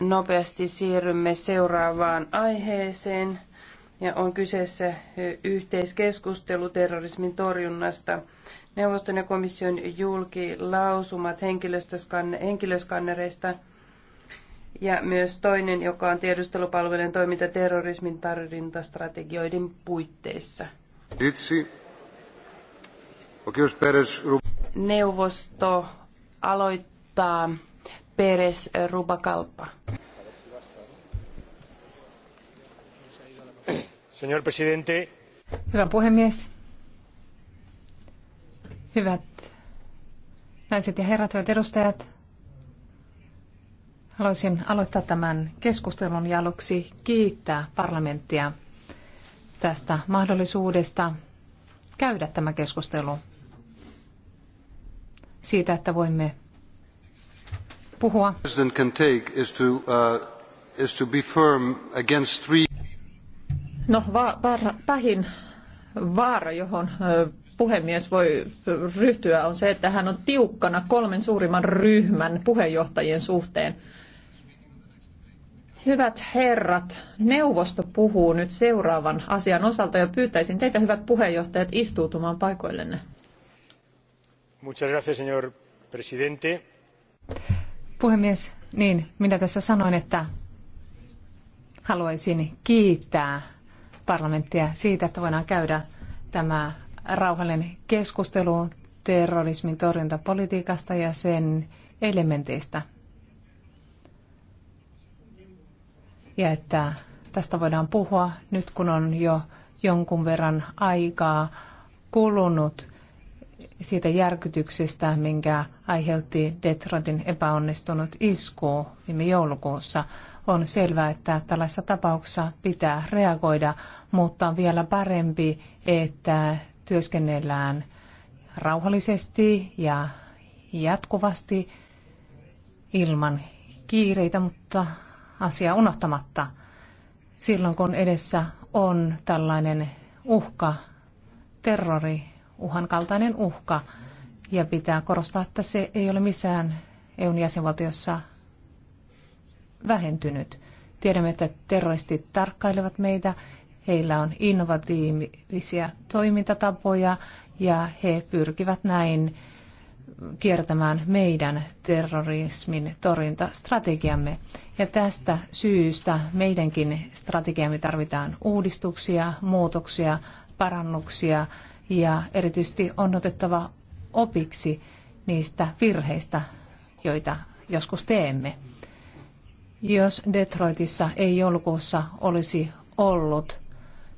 nopeasti siirrymme seuraavaan aiheeseen. Ja on kyseessä yhteiskeskustelu terrorismin torjunnasta. Neuvoston ja komission julkilausumat henkilöskannereista ja myös toinen, joka on tiedustelupalvelujen toiminta terrorismin torjuntastrategioiden puitteissa. Neuvosto aloittaa Peres Rubakalpa. Señor presidente. Hyvä puhemies. Hyvät naiset ja herrat, hyvät edustajat. Haluaisin aloittaa tämän keskustelun ja aluksi kiittää parlamenttia tästä mahdollisuudesta käydä tämä keskustelu siitä, että voimme puhua. No, va- va- pahin vaara, johon puhemies voi ryhtyä, on se, että hän on tiukkana kolmen suurimman ryhmän puheenjohtajien suhteen. Hyvät herrat, neuvosto puhuu nyt seuraavan asian osalta ja pyytäisin teitä, hyvät puheenjohtajat, istuutumaan paikoillenne. Muchas gracias, señor presidente. Puhemies, niin, minä tässä sanoin, että haluaisin kiittää parlamenttia siitä, että voidaan käydä tämä rauhallinen keskustelu terrorismin torjuntapolitiikasta ja sen elementeistä. Ja että tästä voidaan puhua nyt, kun on jo jonkun verran aikaa kulunut siitä järkytyksestä, minkä aiheutti Detroitin epäonnistunut isku viime joulukuussa. On selvää, että tällaisessa tapauksessa pitää reagoida, mutta on vielä parempi, että työskennellään rauhallisesti ja jatkuvasti ilman kiireitä, mutta asia unohtamatta. Silloin kun edessä on tällainen uhka, terrori, uhan kaltainen uhka, ja pitää korostaa, että se ei ole missään EUn jäsenvaltiossa vähentynyt. Tiedämme, että terroristit tarkkailevat meitä, heillä on innovatiivisia toimintatapoja ja he pyrkivät näin kiertämään meidän terrorismin torjuntastrategiamme. Ja tästä syystä meidänkin strategiamme tarvitaan uudistuksia, muutoksia, parannuksia ja erityisesti on otettava opiksi niistä virheistä, joita joskus teemme jos Detroitissa ei joulukuussa olisi ollut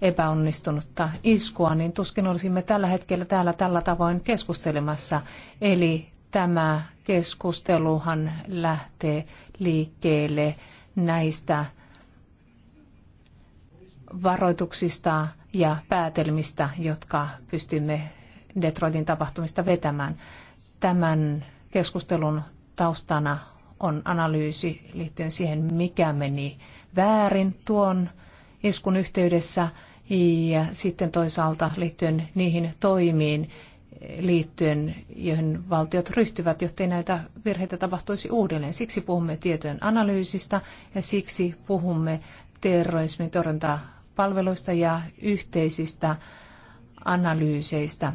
epäonnistunutta iskua, niin tuskin olisimme tällä hetkellä täällä tällä tavoin keskustelemassa. Eli tämä keskusteluhan lähtee liikkeelle näistä varoituksista ja päätelmistä, jotka pystymme Detroitin tapahtumista vetämään. Tämän keskustelun taustana on analyysi liittyen siihen, mikä meni väärin tuon iskun yhteydessä ja sitten toisaalta liittyen niihin toimiin liittyen, joihin valtiot ryhtyvät, jottei näitä virheitä tapahtuisi uudelleen. Siksi puhumme tietojen analyysistä ja siksi puhumme terrorismin torjuntapalveluista ja yhteisistä analyyseistä.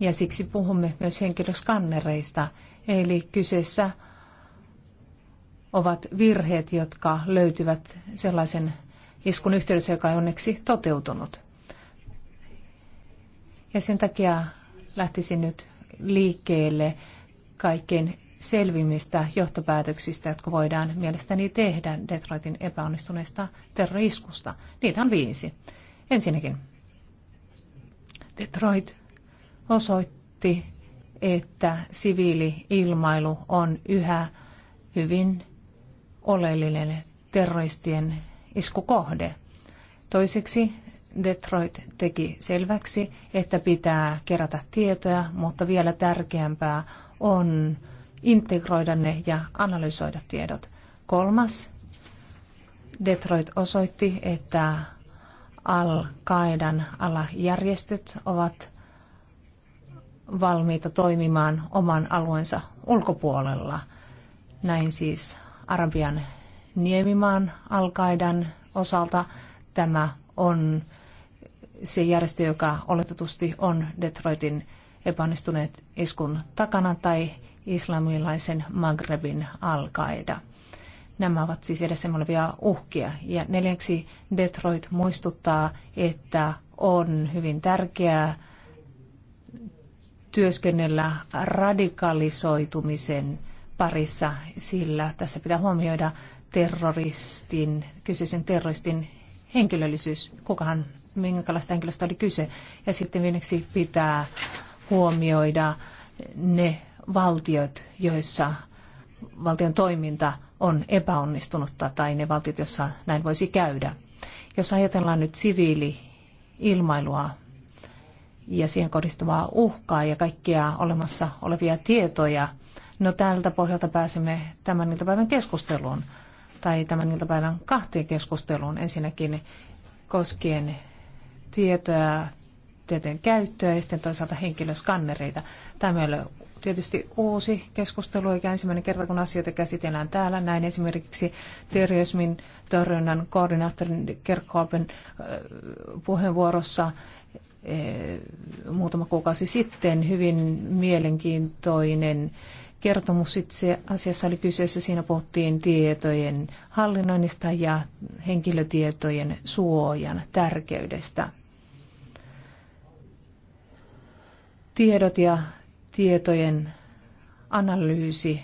Ja siksi puhumme myös henkilöskannereista, eli kyseessä ovat virheet, jotka löytyvät sellaisen iskun yhteydessä, joka ei onneksi toteutunut. Ja sen takia lähtisin nyt liikkeelle kaikkein selvimmistä johtopäätöksistä, jotka voidaan mielestäni tehdä Detroitin epäonnistuneesta terroriskusta. Niitä on viisi. Ensinnäkin Detroit osoitti, että siviili-ilmailu on yhä hyvin oleellinen terroristien iskukohde. Toiseksi Detroit teki selväksi, että pitää kerätä tietoja, mutta vielä tärkeämpää on integroida ne ja analysoida tiedot. Kolmas, Detroit osoitti, että Al-Qaedan alajärjestöt ovat valmiita toimimaan oman alueensa ulkopuolella. Näin siis Arabian niemimaan alkaidan osalta. Tämä on se järjestö, joka oletetusti on Detroitin epäonnistuneet iskun takana tai islamilaisen Magrebin alkaida. Nämä ovat siis edessä olevia uhkia. Ja neljäksi Detroit muistuttaa, että on hyvin tärkeää työskennellä radikalisoitumisen parissa, sillä tässä pitää huomioida terroristin, kyseisen terroristin henkilöllisyys, kukahan, minkälaista henkilöstä oli kyse. Ja sitten viimeksi pitää huomioida ne valtiot, joissa valtion toiminta on epäonnistunutta tai ne valtiot, joissa näin voisi käydä. Jos ajatellaan nyt siviili-ilmailua ja siihen kohdistuvaa uhkaa ja kaikkia olemassa olevia tietoja, No tältä pohjalta pääsimme tämän iltapäivän keskusteluun, tai tämän iltapäivän kahteen keskusteluun ensinnäkin koskien tietoja, tietojen käyttöä ja sitten toisaalta henkilöskannereita. Tämä meillä on tietysti uusi keskustelu eikä ensimmäinen kerta, kun asioita käsitellään täällä. Näin esimerkiksi terrorismin torjunnan koordinaattorin Kerkhoven puheenvuorossa muutama kuukausi sitten hyvin mielenkiintoinen kertomus itse asiassa oli kyseessä. Siinä puhuttiin tietojen hallinnoinnista ja henkilötietojen suojan tärkeydestä. Tiedot ja tietojen analyysi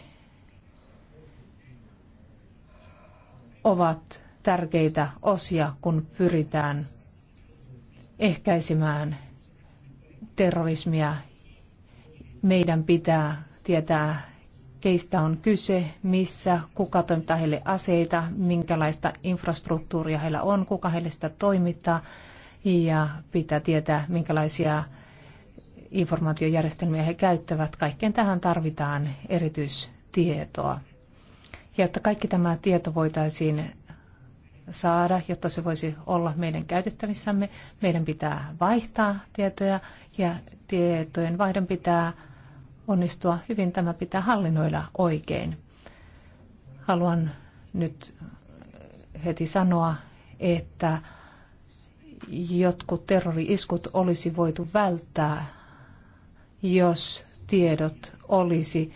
ovat tärkeitä osia, kun pyritään ehkäisemään terrorismia. Meidän pitää tietää keistä on kyse, missä, kuka toimittaa heille aseita, minkälaista infrastruktuuria heillä on, kuka heille sitä toimittaa ja pitää tietää, minkälaisia informaatiojärjestelmiä he käyttävät. Kaikkeen tähän tarvitaan erityistietoa. Ja jotta kaikki tämä tieto voitaisiin saada, jotta se voisi olla meidän käytettävissämme, meidän pitää vaihtaa tietoja ja tietojen vaihdon pitää onnistua hyvin, tämä pitää hallinnoida oikein. Haluan nyt heti sanoa, että jotkut terrori-iskut olisi voitu välttää, jos tiedot olisi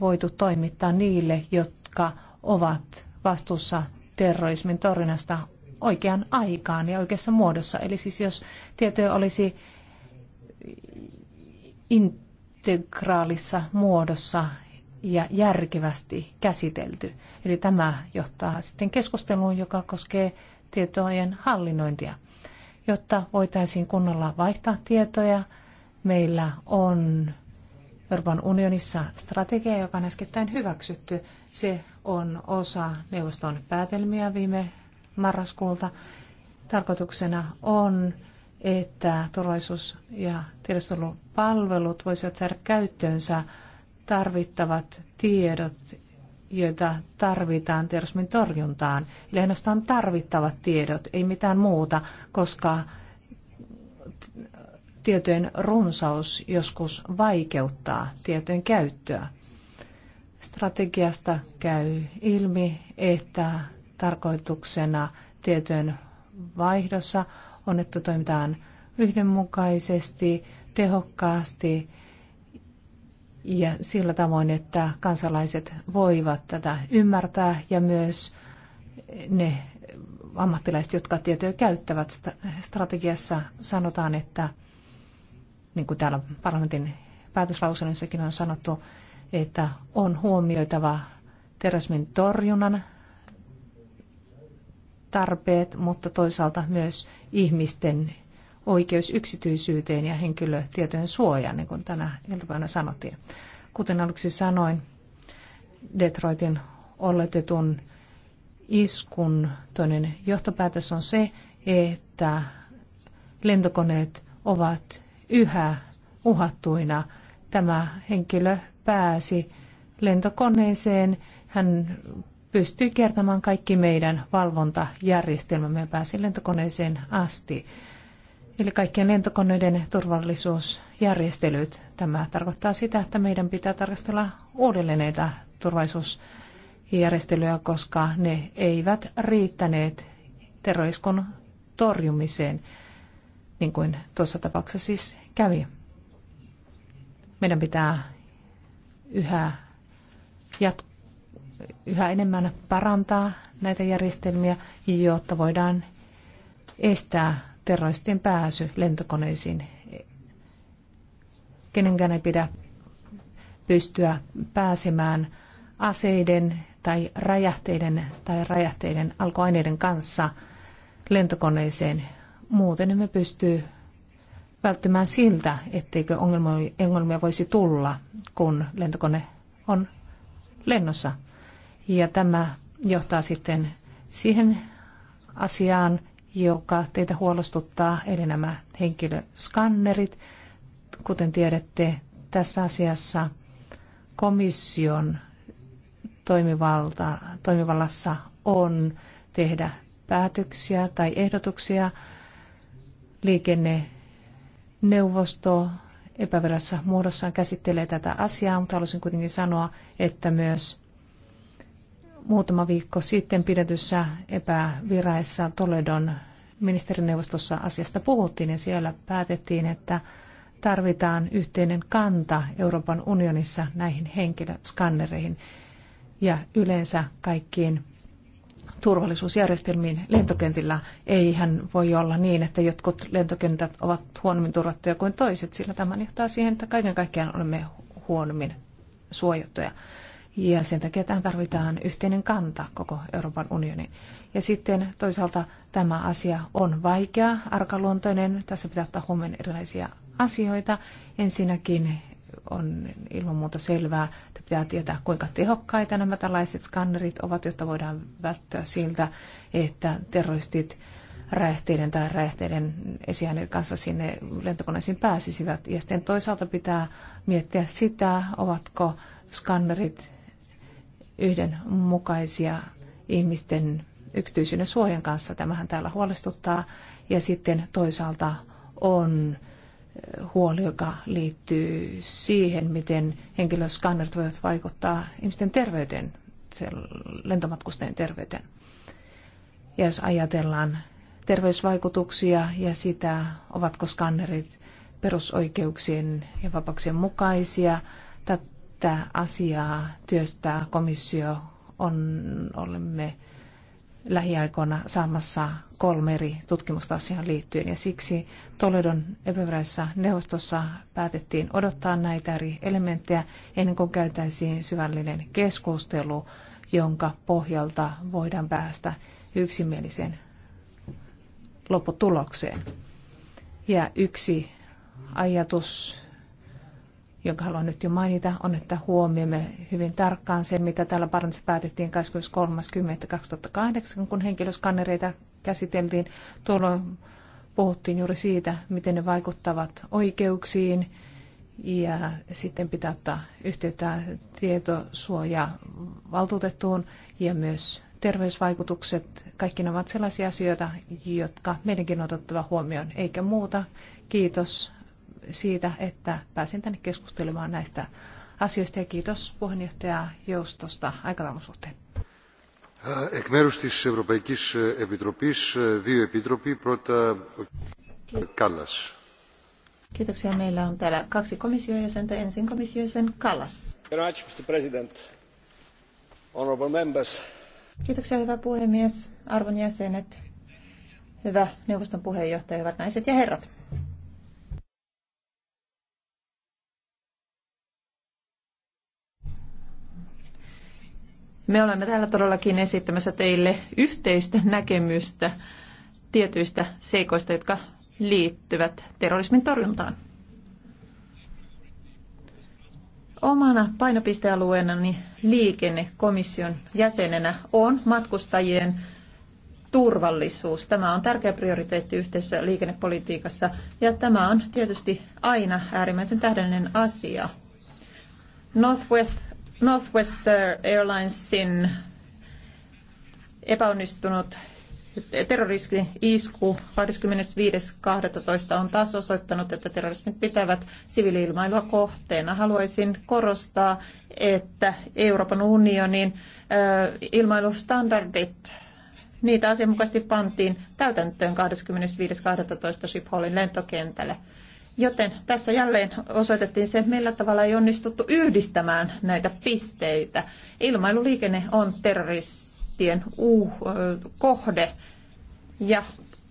voitu toimittaa niille, jotka ovat vastuussa terrorismin torjunnasta oikeaan aikaan ja oikeassa muodossa. Eli siis jos tietoja olisi in- integraalissa muodossa ja järkevästi käsitelty. Eli tämä johtaa sitten keskusteluun, joka koskee tietojen hallinnointia. Jotta voitaisiin kunnolla vaihtaa tietoja, meillä on Euroopan unionissa strategia, joka on äskettäin hyväksytty. Se on osa neuvoston päätelmiä viime marraskuulta. Tarkoituksena on että turvallisuus- ja tiedustelupalvelut voisivat saada käyttöönsä tarvittavat tiedot, joita tarvitaan terrorismin torjuntaan. Eli ainoastaan tarvittavat tiedot, ei mitään muuta, koska tietojen runsaus joskus vaikeuttaa tietojen käyttöä. Strategiasta käy ilmi, että tarkoituksena tietojen vaihdossa on, että toimitaan yhdenmukaisesti, tehokkaasti ja sillä tavoin, että kansalaiset voivat tätä ymmärtää ja myös ne ammattilaiset, jotka tietoja käyttävät. Strategiassa sanotaan, että niin kuin täällä parlamentin päätöslausunnossakin on sanottu, että on huomioitava terrorismin torjunnan tarpeet, mutta toisaalta myös ihmisten oikeus yksityisyyteen ja henkilötietojen suojaan, niin kuin tänä iltapäivänä sanottiin. Kuten aluksi sanoin, Detroitin oletetun iskun toinen johtopäätös on se, että lentokoneet ovat yhä uhattuina. Tämä henkilö pääsi lentokoneeseen, hän pystyy kiertämään kaikki meidän valvontajärjestelmämme pääsi lentokoneeseen asti. Eli kaikkien lentokoneiden turvallisuusjärjestelyt. Tämä tarkoittaa sitä, että meidän pitää tarkastella uudelleen näitä turvallisuusjärjestelyjä, koska ne eivät riittäneet terroriskon torjumiseen, niin kuin tuossa tapauksessa siis kävi. Meidän pitää yhä jatkaa yhä enemmän parantaa näitä järjestelmiä, jotta voidaan estää terroristien pääsy lentokoneisiin. Kenenkään ei pidä pystyä pääsemään aseiden tai räjähteiden tai räjähteiden alkuaineiden kanssa lentokoneeseen. Muuten emme pysty välttymään siltä, etteikö ongelmia voisi tulla, kun lentokone on lennossa. Ja tämä johtaa sitten siihen asiaan, joka teitä huolestuttaa, eli nämä henkilöskannerit. Kuten tiedätte, tässä asiassa komission toimivalta, toimivallassa on tehdä päätöksiä tai ehdotuksia. Liikenneneuvosto epävirassa muodossaan käsittelee tätä asiaa, mutta haluaisin kuitenkin sanoa, että myös muutama viikko sitten pidetyssä epäviraissa Toledon ministerineuvostossa asiasta puhuttiin ja siellä päätettiin, että tarvitaan yhteinen kanta Euroopan unionissa näihin henkilöskannereihin ja yleensä kaikkiin turvallisuusjärjestelmiin lentokentillä. Eihän voi olla niin, että jotkut lentokentät ovat huonommin turvattuja kuin toiset, sillä tämä johtaa siihen, että kaiken kaikkiaan olemme huonommin suojattuja. Ja sen takia tähän tarvitaan yhteinen kanta koko Euroopan unioni. Ja sitten toisaalta tämä asia on vaikea, arkaluontoinen. Tässä pitää ottaa huomioon erilaisia asioita. Ensinnäkin on ilman muuta selvää, että pitää tietää kuinka tehokkaita nämä tällaiset skannerit ovat, jotta voidaan välttyä siltä, että terroristit räjähteiden tai räjähteiden esiäinen kanssa sinne lentokoneisiin pääsisivät. Ja sitten toisaalta pitää miettiä sitä, ovatko skannerit yhdenmukaisia ihmisten yksityisyyden suojan kanssa. Tämähän täällä huolestuttaa. Ja sitten toisaalta on eh, huoli, joka liittyy siihen, miten henkilöskannerit voivat vaikuttaa ihmisten terveyteen, lentomatkustajien terveyteen. Ja jos ajatellaan terveysvaikutuksia ja sitä, ovatko skannerit perusoikeuksien ja vapauksien mukaisia, tätä asiaa työstää komissio. On, olemme lähiaikoina saamassa kolme eri tutkimusta asiaan liittyen. Ja siksi Toledon epävirallisessa neuvostossa päätettiin odottaa näitä eri elementtejä ennen kuin käytäisiin syvällinen keskustelu, jonka pohjalta voidaan päästä yksimieliseen lopputulokseen. Ja yksi ajatus jonka haluan nyt jo mainita, on, että huomioimme hyvin tarkkaan sen, mitä täällä parlamentissa päätettiin 23.10.2008, kun henkilöskannereita käsiteltiin. Tuolloin puhuttiin juuri siitä, miten ne vaikuttavat oikeuksiin ja sitten pitää ottaa yhteyttä tietosuojaa valtuutettuun ja myös terveysvaikutukset. Kaikki nämä ovat sellaisia asioita, jotka meidänkin on otettava huomioon, eikä muuta. Kiitos siitä, että pääsin tänne keskustelemaan näistä asioista ja kiitos puheenjohtaja Joustosta aikataulun suhteen. Εκ μέρους της Ευρωπαϊκής Επιτροπής, δύο επίτροποι, πρώτα ο Κάλλας. Kiitoksia. Meillä on täällä kaksi komissiojäsentä. Ensin komissiojäsen Kallas. Kiitoksia, hyvä puhemies, arvon jäsenet, hyvä neuvoston puheenjohtaja, hyvät naiset ja herrat. Me olemme täällä todellakin esittämässä teille yhteistä näkemystä tietyistä seikoista, jotka liittyvät terrorismin torjuntaan. Omana painopistealueenani liikennekomission jäsenenä on matkustajien turvallisuus. Tämä on tärkeä prioriteetti yhteisessä liikennepolitiikassa ja tämä on tietysti aina äärimmäisen tähdellinen asia. Northwest Northwestern Airlinesin epäonnistunut terrorismi-isku 25.12. on taas osoittanut, että terrorismit pitävät siviiliilmailua kohteena. Haluaisin korostaa, että Euroopan unionin ilmailustandardit Niitä asianmukaisesti pantiin täytäntöön 25.12. Schipholin lentokentällä. Joten tässä jälleen osoitettiin se, millä tavalla ei onnistuttu yhdistämään näitä pisteitä. Ilmailuliikenne on terroristien uh, kohde ja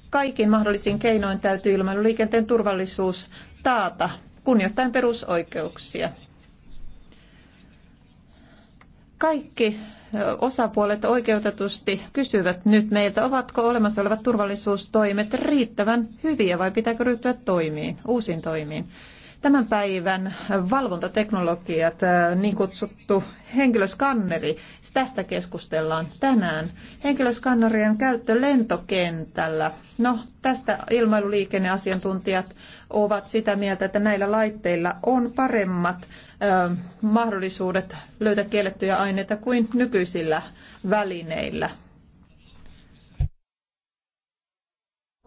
kaikin mahdollisin keinoin täytyy ilmailuliikenteen turvallisuus taata kunnioittain perusoikeuksia kaikki osapuolet oikeutetusti kysyvät nyt meiltä, ovatko olemassa olevat turvallisuustoimet riittävän hyviä vai pitääkö ryhtyä toimiin, uusiin toimiin. Tämän päivän valvontateknologiat, äh, niin kutsuttu henkilöskanneri, tästä keskustellaan tänään. Henkilöskannerien käyttö lentokentällä. No, tästä ilmailuliikenneasiantuntijat ovat sitä mieltä, että näillä laitteilla on paremmat ö, äh, mahdollisuudet löytää kiellettyjä aineita kuin nykyisillä välineillä.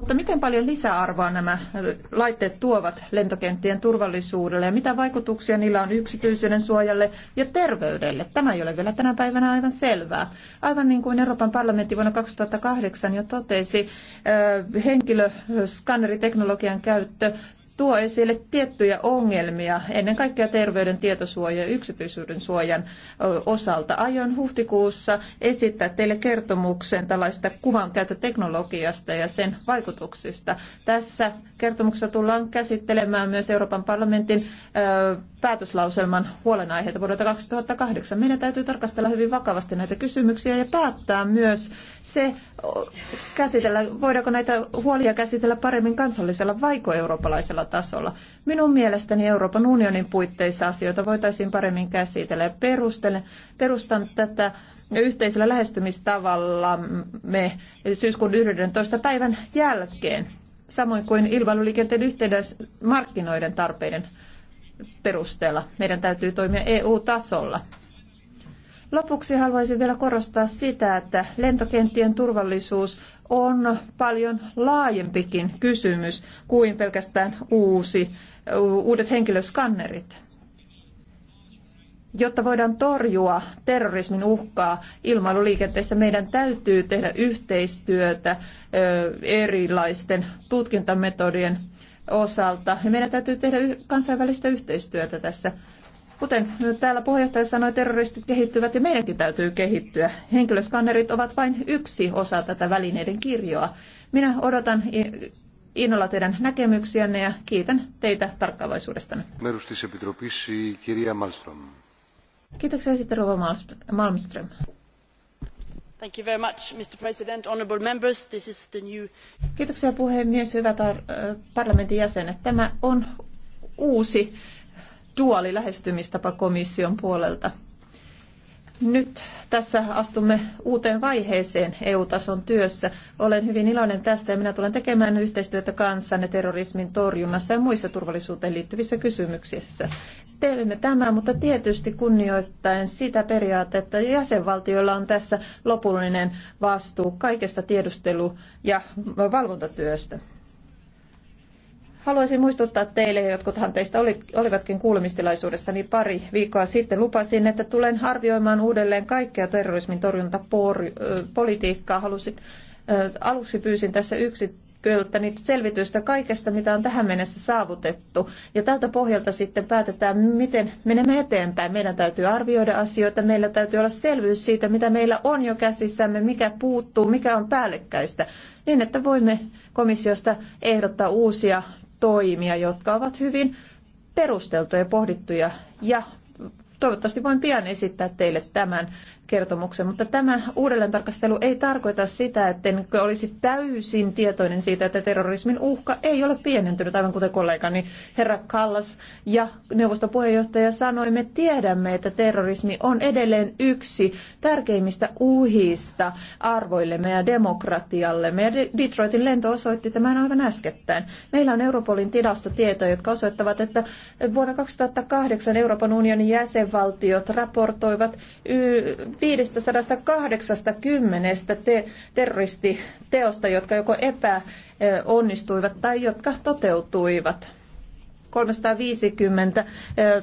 Mutta miten paljon lisäarvoa nämä laitteet tuovat lentokenttien turvallisuudelle ja mitä vaikutuksia niillä on yksityisyyden suojalle ja terveydelle? Tämä ei ole vielä tänä päivänä aivan selvää. Aivan niin kuin Euroopan parlamentti vuonna 2008 jo totesi, henkilöskanneriteknologian käyttö tuo esille tiettyjä ongelmia, ennen kaikkea terveyden tietosuojan ja yksityisyyden suojan osalta. Aion huhtikuussa esittää teille kertomuksen tällaista kuvankäyttöteknologiasta ja sen vaikutuksista. Tässä kertomuksessa tullaan käsittelemään myös Euroopan parlamentin päätöslauselman huolenaiheita vuodelta 2008. Meidän täytyy tarkastella hyvin vakavasti näitä kysymyksiä ja päättää myös se, käsitellä, voidaanko näitä huolia käsitellä paremmin kansallisella vaiko eurooppalaisella tasolla. Minun mielestäni Euroopan unionin puitteissa asioita voitaisiin paremmin käsitellä. ja perustan tätä yhteisellä lähestymistavalla me syyskuun 11. päivän jälkeen, samoin kuin ilmailuliikenteen yhteydessä markkinoiden tarpeiden perusteella. Meidän täytyy toimia EU-tasolla. Lopuksi haluaisin vielä korostaa sitä, että lentokenttien turvallisuus on paljon laajempikin kysymys kuin pelkästään uusi, uudet henkilöskannerit. Jotta voidaan torjua terrorismin uhkaa ilmailuliikenteessä, meidän täytyy tehdä yhteistyötä erilaisten tutkintametodien osalta. Ja meidän täytyy tehdä kansainvälistä yhteistyötä tässä. Kuten täällä puheenjohtaja sanoi, terroristit kehittyvät ja meidänkin täytyy kehittyä. Henkilöskannerit ovat vain yksi osa tätä välineiden kirjoa. Minä odotan innolla teidän näkemyksiänne ja kiitän teitä tarkkaavaisuudestanne. Kiitoksia sitten Rova Malmström arvoisa Kiitoksia puhemies, hyvät parlamentin jäsenet. Tämä on uusi duaali lähestymistapa komission puolelta. Nyt tässä astumme uuteen vaiheeseen EU-tason työssä. Olen hyvin iloinen tästä ja minä tulen tekemään yhteistyötä kanssanne terrorismin torjunnassa ja muissa turvallisuuteen liittyvissä kysymyksissä teemme tämä, mutta tietysti kunnioittaen sitä periaatetta, että jäsenvaltioilla on tässä lopullinen vastuu kaikesta tiedustelu- ja valvontatyöstä. Haluaisin muistuttaa teille, jotkuthan teistä oli, olivatkin kuulemistilaisuudessa, niin pari viikkoa sitten lupasin, että tulen arvioimaan uudelleen kaikkea terrorismin torjuntapolitiikkaa. Halusin, aluksi pyysin tässä yksi pyytänyt selvitystä kaikesta, mitä on tähän mennessä saavutettu. Ja tältä pohjalta sitten päätetään, miten menemme eteenpäin. Meidän täytyy arvioida asioita, meillä täytyy olla selvyys siitä, mitä meillä on jo käsissämme, mikä puuttuu, mikä on päällekkäistä, niin että voimme komissiosta ehdottaa uusia toimia, jotka ovat hyvin perusteltuja, pohdittuja ja toivottavasti voin pian esittää teille tämän kertomuksen, mutta tämä uudelleentarkastelu ei tarkoita sitä, että olisi täysin tietoinen siitä, että terrorismin uhka ei ole pienentynyt, aivan kuten kollegani herra Kallas ja neuvoston puheenjohtaja sanoi, me tiedämme, että terrorismi on edelleen yksi tärkeimmistä uhista arvoillemme ja demokratiallemme. Ja Detroitin lento osoitti tämän aivan äskettäin. Meillä on Europolin tilastotietoja, jotka osoittavat, että vuonna 2008 Euroopan unionin jäsenvaltiot raportoivat 580 te- terroristiteosta, jotka joko epäonnistuivat tai jotka toteutuivat. 350 eh,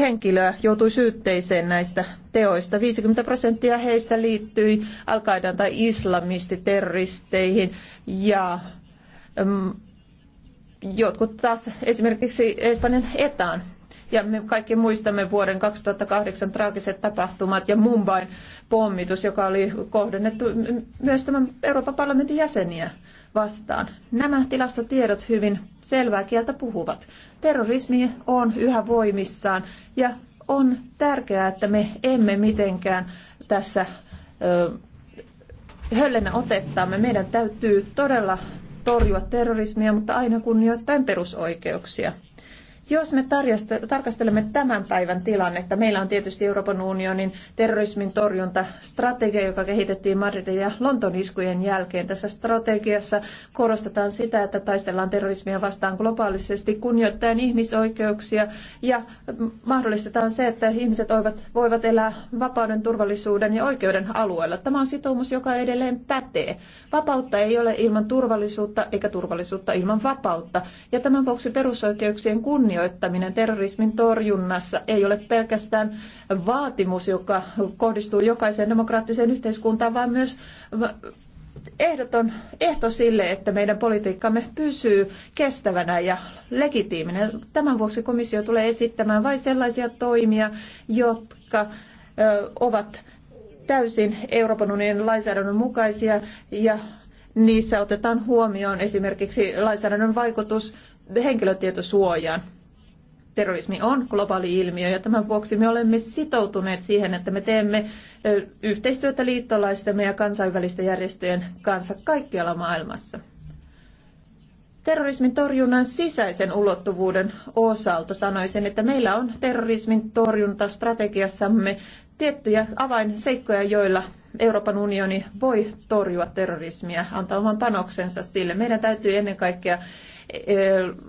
henkilöä joutui syytteiseen näistä teoista. 50 prosenttia heistä liittyi al tai islamistiterroristeihin ja mm, jotkut taas esimerkiksi Espanjan etaan ja me kaikki muistamme vuoden 2008 traagiset tapahtumat ja Mumbain pommitus, joka oli kohdennettu myös tämän Euroopan parlamentin jäseniä vastaan. Nämä tilastotiedot hyvin selvää kieltä puhuvat. Terrorismi on yhä voimissaan ja on tärkeää, että me emme mitenkään tässä ö, höllennä otettaamme. Meidän täytyy todella torjua terrorismia, mutta aina kunnioittain perusoikeuksia. Jos me tarkastelemme tämän päivän tilannetta, meillä on tietysti Euroopan unionin terrorismin torjuntastrategia, joka kehitettiin Madridin ja Lontoon iskujen jälkeen. Tässä strategiassa korostetaan sitä, että taistellaan terrorismia vastaan globaalisesti kunnioittaen ihmisoikeuksia ja mahdollistetaan se, että ihmiset voivat elää vapauden, turvallisuuden ja oikeuden alueella. Tämä on sitoumus, joka edelleen pätee. Vapautta ei ole ilman turvallisuutta eikä turvallisuutta ilman vapautta. Ja tämän vuoksi perusoikeuksien kunnioittaminen kunnioittaminen terrorismin torjunnassa ei ole pelkästään vaatimus, joka kohdistuu jokaiseen demokraattiseen yhteiskuntaan, vaan myös ehdoton ehto sille, että meidän politiikkamme pysyy kestävänä ja legitiiminä. Tämän vuoksi komissio tulee esittämään vain sellaisia toimia, jotka ovat täysin Euroopan unionin lainsäädännön mukaisia ja niissä otetaan huomioon esimerkiksi lainsäädännön vaikutus henkilötietosuojaan terrorismi on globaali ilmiö ja tämän vuoksi me olemme sitoutuneet siihen, että me teemme yhteistyötä liittolaistemme ja kansainvälisten järjestöjen kanssa kaikkialla maailmassa. Terrorismin torjunnan sisäisen ulottuvuuden osalta sanoisin, että meillä on terrorismin torjuntastrategiassamme tiettyjä avainseikkoja, joilla Euroopan unioni voi torjua terrorismia, antaa oman panoksensa sille. Meidän täytyy ennen kaikkea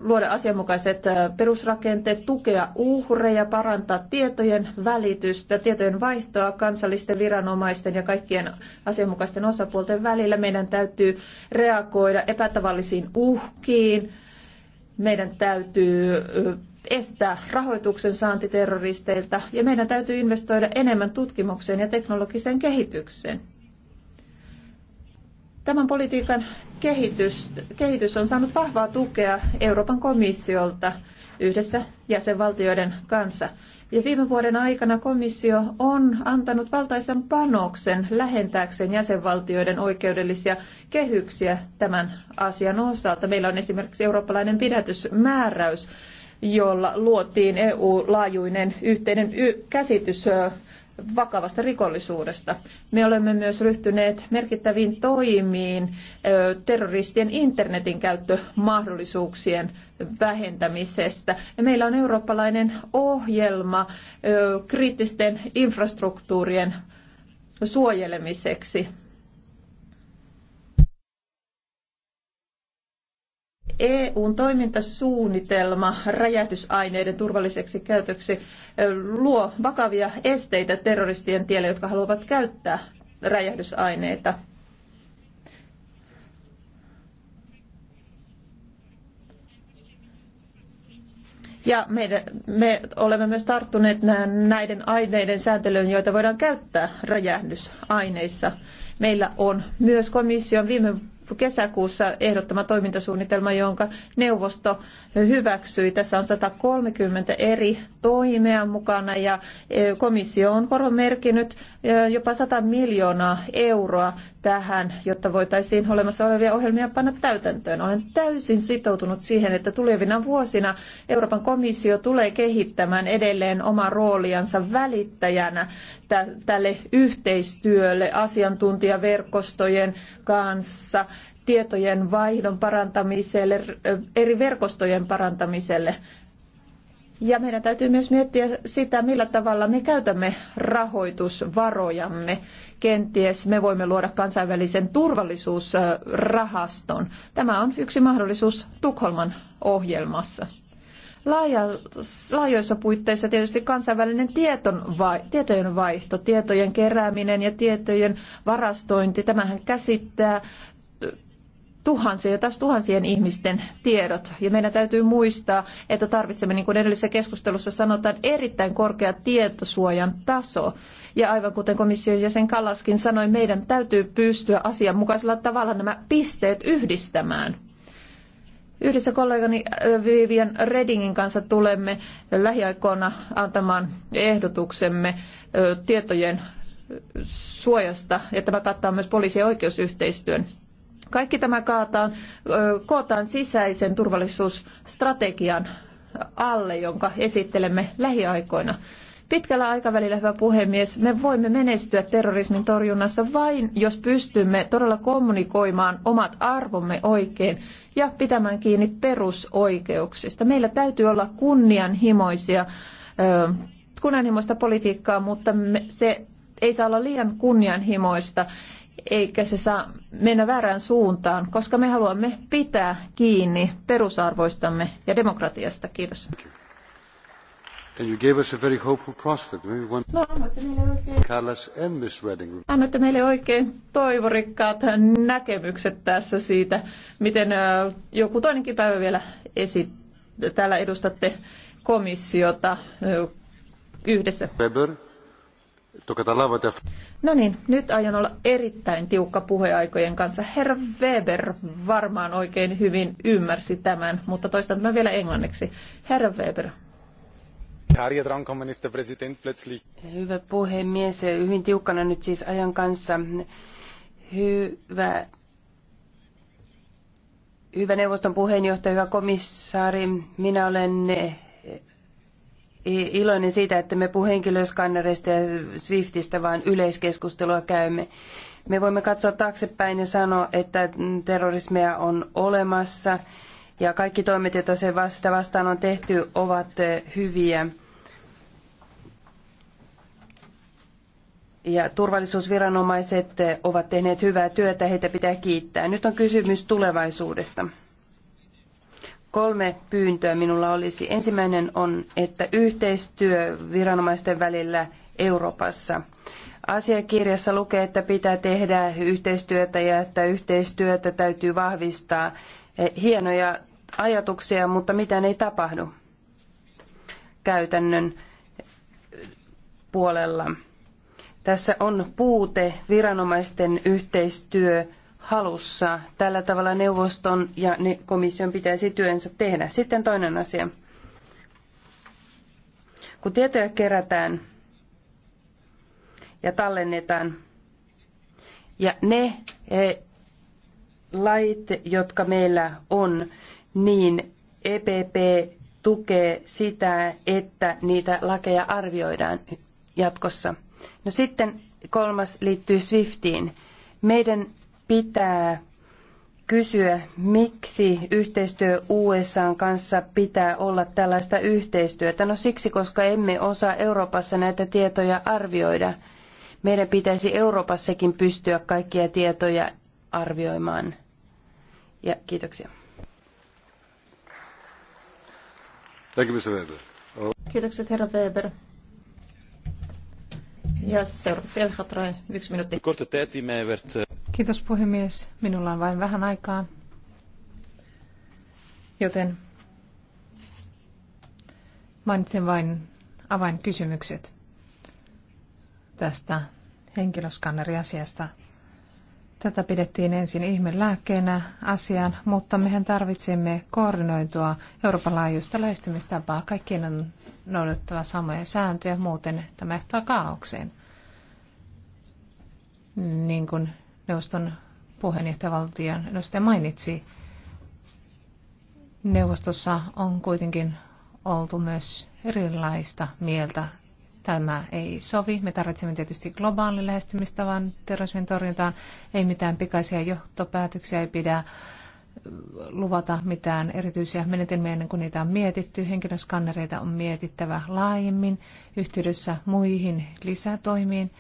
luoda asianmukaiset perusrakenteet, tukea uhreja, parantaa tietojen välitystä, tietojen vaihtoa kansallisten viranomaisten ja kaikkien asianmukaisten osapuolten välillä. Meidän täytyy reagoida epätavallisiin uhkiin. Meidän täytyy estää rahoituksen saanti terroristeilta ja meidän täytyy investoida enemmän tutkimukseen ja teknologiseen kehitykseen. Tämän politiikan kehitys, kehitys on saanut vahvaa tukea Euroopan komissiolta yhdessä jäsenvaltioiden kanssa. Ja viime vuoden aikana komissio on antanut valtaisen panoksen lähentääkseen jäsenvaltioiden oikeudellisia kehyksiä tämän asian osalta. Meillä on esimerkiksi eurooppalainen pidätysmääräys, jolla luotiin EU-laajuinen yhteinen käsitys vakavasta rikollisuudesta. Me olemme myös ryhtyneet merkittäviin toimiin terroristien internetin käyttömahdollisuuksien vähentämisestä. Ja meillä on eurooppalainen ohjelma kriittisten infrastruktuurien suojelemiseksi. EUn toimintasuunnitelma räjähdysaineiden turvalliseksi käytöksi luo vakavia esteitä terroristien tielle, jotka haluavat käyttää räjähdysaineita. Ja meidän, me olemme myös tarttuneet näiden aineiden sääntelyyn, joita voidaan käyttää räjähdysaineissa. Meillä on myös komission viime kesäkuussa ehdottama toimintasuunnitelma, jonka neuvosto hyväksyi. Tässä on 130 eri toimea mukana ja e, komissio on korvamerkinnyt e, jopa 100 miljoonaa euroa tähän, jotta voitaisiin olemassa olevia ohjelmia panna täytäntöön. Olen täysin sitoutunut siihen, että tulevina vuosina Euroopan komissio tulee kehittämään edelleen omaa rooliansa välittäjänä tälle yhteistyölle asiantuntijaverkostojen kanssa, tietojen vaihdon parantamiselle, eri verkostojen parantamiselle. Ja meidän täytyy myös miettiä sitä, millä tavalla me käytämme rahoitusvarojamme. Kenties me voimme luoda kansainvälisen turvallisuusrahaston. Tämä on yksi mahdollisuus Tukholman ohjelmassa laaja, laajoissa puitteissa tietysti kansainvälinen tietonvai, tietojen vaihto, tietojen kerääminen ja tietojen varastointi. Tämähän käsittää tuhansien ja taas tuhansien ihmisten tiedot. Ja meidän täytyy muistaa, että tarvitsemme, niin kuin edellisessä keskustelussa sanotaan, erittäin korkea tietosuojan taso. Ja aivan kuten komission jäsen Kallaskin sanoi, meidän täytyy pystyä asianmukaisella tavalla nämä pisteet yhdistämään. Yhdessä kollegani äh, Vivian Reddingin kanssa tulemme lähiaikoina antamaan ehdotuksemme tietojen suojasta, ja tämä kattaa myös poliisin oikeusyhteistyön. Kaikki tämä kaataan, kootaan sisäisen turvallisuusstrategian alle, jonka esittelemme lähiaikoina. Pitkällä aikavälillä, hyvä puhemies, me voimme menestyä terrorismin torjunnassa vain, jos pystymme todella kommunikoimaan omat arvomme oikein ja pitämään kiinni perusoikeuksista. Meillä täytyy olla kunnianhimoisia, kunnianhimoista politiikkaa, mutta se ei saa olla liian kunnianhimoista eikä se saa mennä väärään suuntaan, koska me haluamme pitää kiinni perusarvoistamme ja demokratiasta. Kiitos. No, annatte meille oikein... Carlos Miss meille toivorikkaat näkemykset tässä siitä, miten joku toinenkin päivä vielä esit täällä edustatte komissiota yhdessä. Weber, No niin, nyt aion olla erittäin tiukka puheaikojen kanssa. Herra Weber varmaan oikein hyvin ymmärsi tämän, mutta toistan tämän vielä englanniksi. Herra Weber, Hyvä puhemies, hyvin tiukkana nyt siis ajan kanssa. Hyvä, hyvä neuvoston puheenjohtaja, hyvä komissaari, minä olen eh, iloinen siitä, että me puhu ja Swiftistä, vaan yleiskeskustelua käymme. Me voimme katsoa taaksepäin ja sanoa, että terrorismia on olemassa ja kaikki toimet, joita se vasta vastaan on tehty, ovat eh, hyviä. Ja turvallisuusviranomaiset eh, ovat tehneet hyvää työtä, heitä pitää kiittää. Nyt on kysymys tulevaisuudesta. Kolme pyyntöä minulla olisi. Ensimmäinen on, että yhteistyö viranomaisten välillä Euroopassa asiakirjassa lukee, että pitää tehdä yhteistyötä ja että yhteistyötä täytyy vahvistaa. Eh, hienoja ajatuksia, mutta mitään ei tapahdu käytännön puolella. Tässä on puute viranomaisten yhteistyö halussa. Tällä tavalla neuvoston ja komission pitäisi työnsä tehdä. Sitten toinen asia. Kun tietoja kerätään ja tallennetaan, ja ne lait, jotka meillä on, niin EPP tukee sitä, että niitä lakeja arvioidaan jatkossa. No sitten kolmas liittyy Swiftiin. Meidän pitää kysyä, miksi yhteistyö USA kanssa pitää olla tällaista yhteistyötä. No siksi, koska emme osaa Euroopassa näitä tietoja arvioida. Meidän pitäisi Euroopassakin pystyä kaikkia tietoja arvioimaan. Ja kiitoksia. Thank you, Mr. Weber. Oh. Kiitokset, herra Weber. Ja seuraavaksi El Khatrae, yksi minuutti. Kiitos puhemies. Minulla on vain vähän aikaa, joten mainitsen vain avainkysymykset tästä henkilöskanneriasiasta. Tätä pidettiin ensin lääkkeenä asiaan, mutta mehän tarvitsemme koordinoitua Euroopan laajuista lähestymistapaa. Kaikkien on noudattava samoja sääntöjä, muuten tämä johtaa kaaukseen. Niin kuin neuvoston puheenjohtajavaltion edustaja mainitsi, neuvostossa on kuitenkin oltu myös erilaista mieltä Tämä ei sovi. Me tarvitsemme tietysti globaalin lähestymistavan terrorismin torjuntaan. Ei mitään pikaisia johtopäätöksiä, ei pidä luvata mitään erityisiä menetelmiä ennen kuin niitä on mietitty. Henkilöskannereita on mietittävä laajemmin yhteydessä muihin lisätoimiin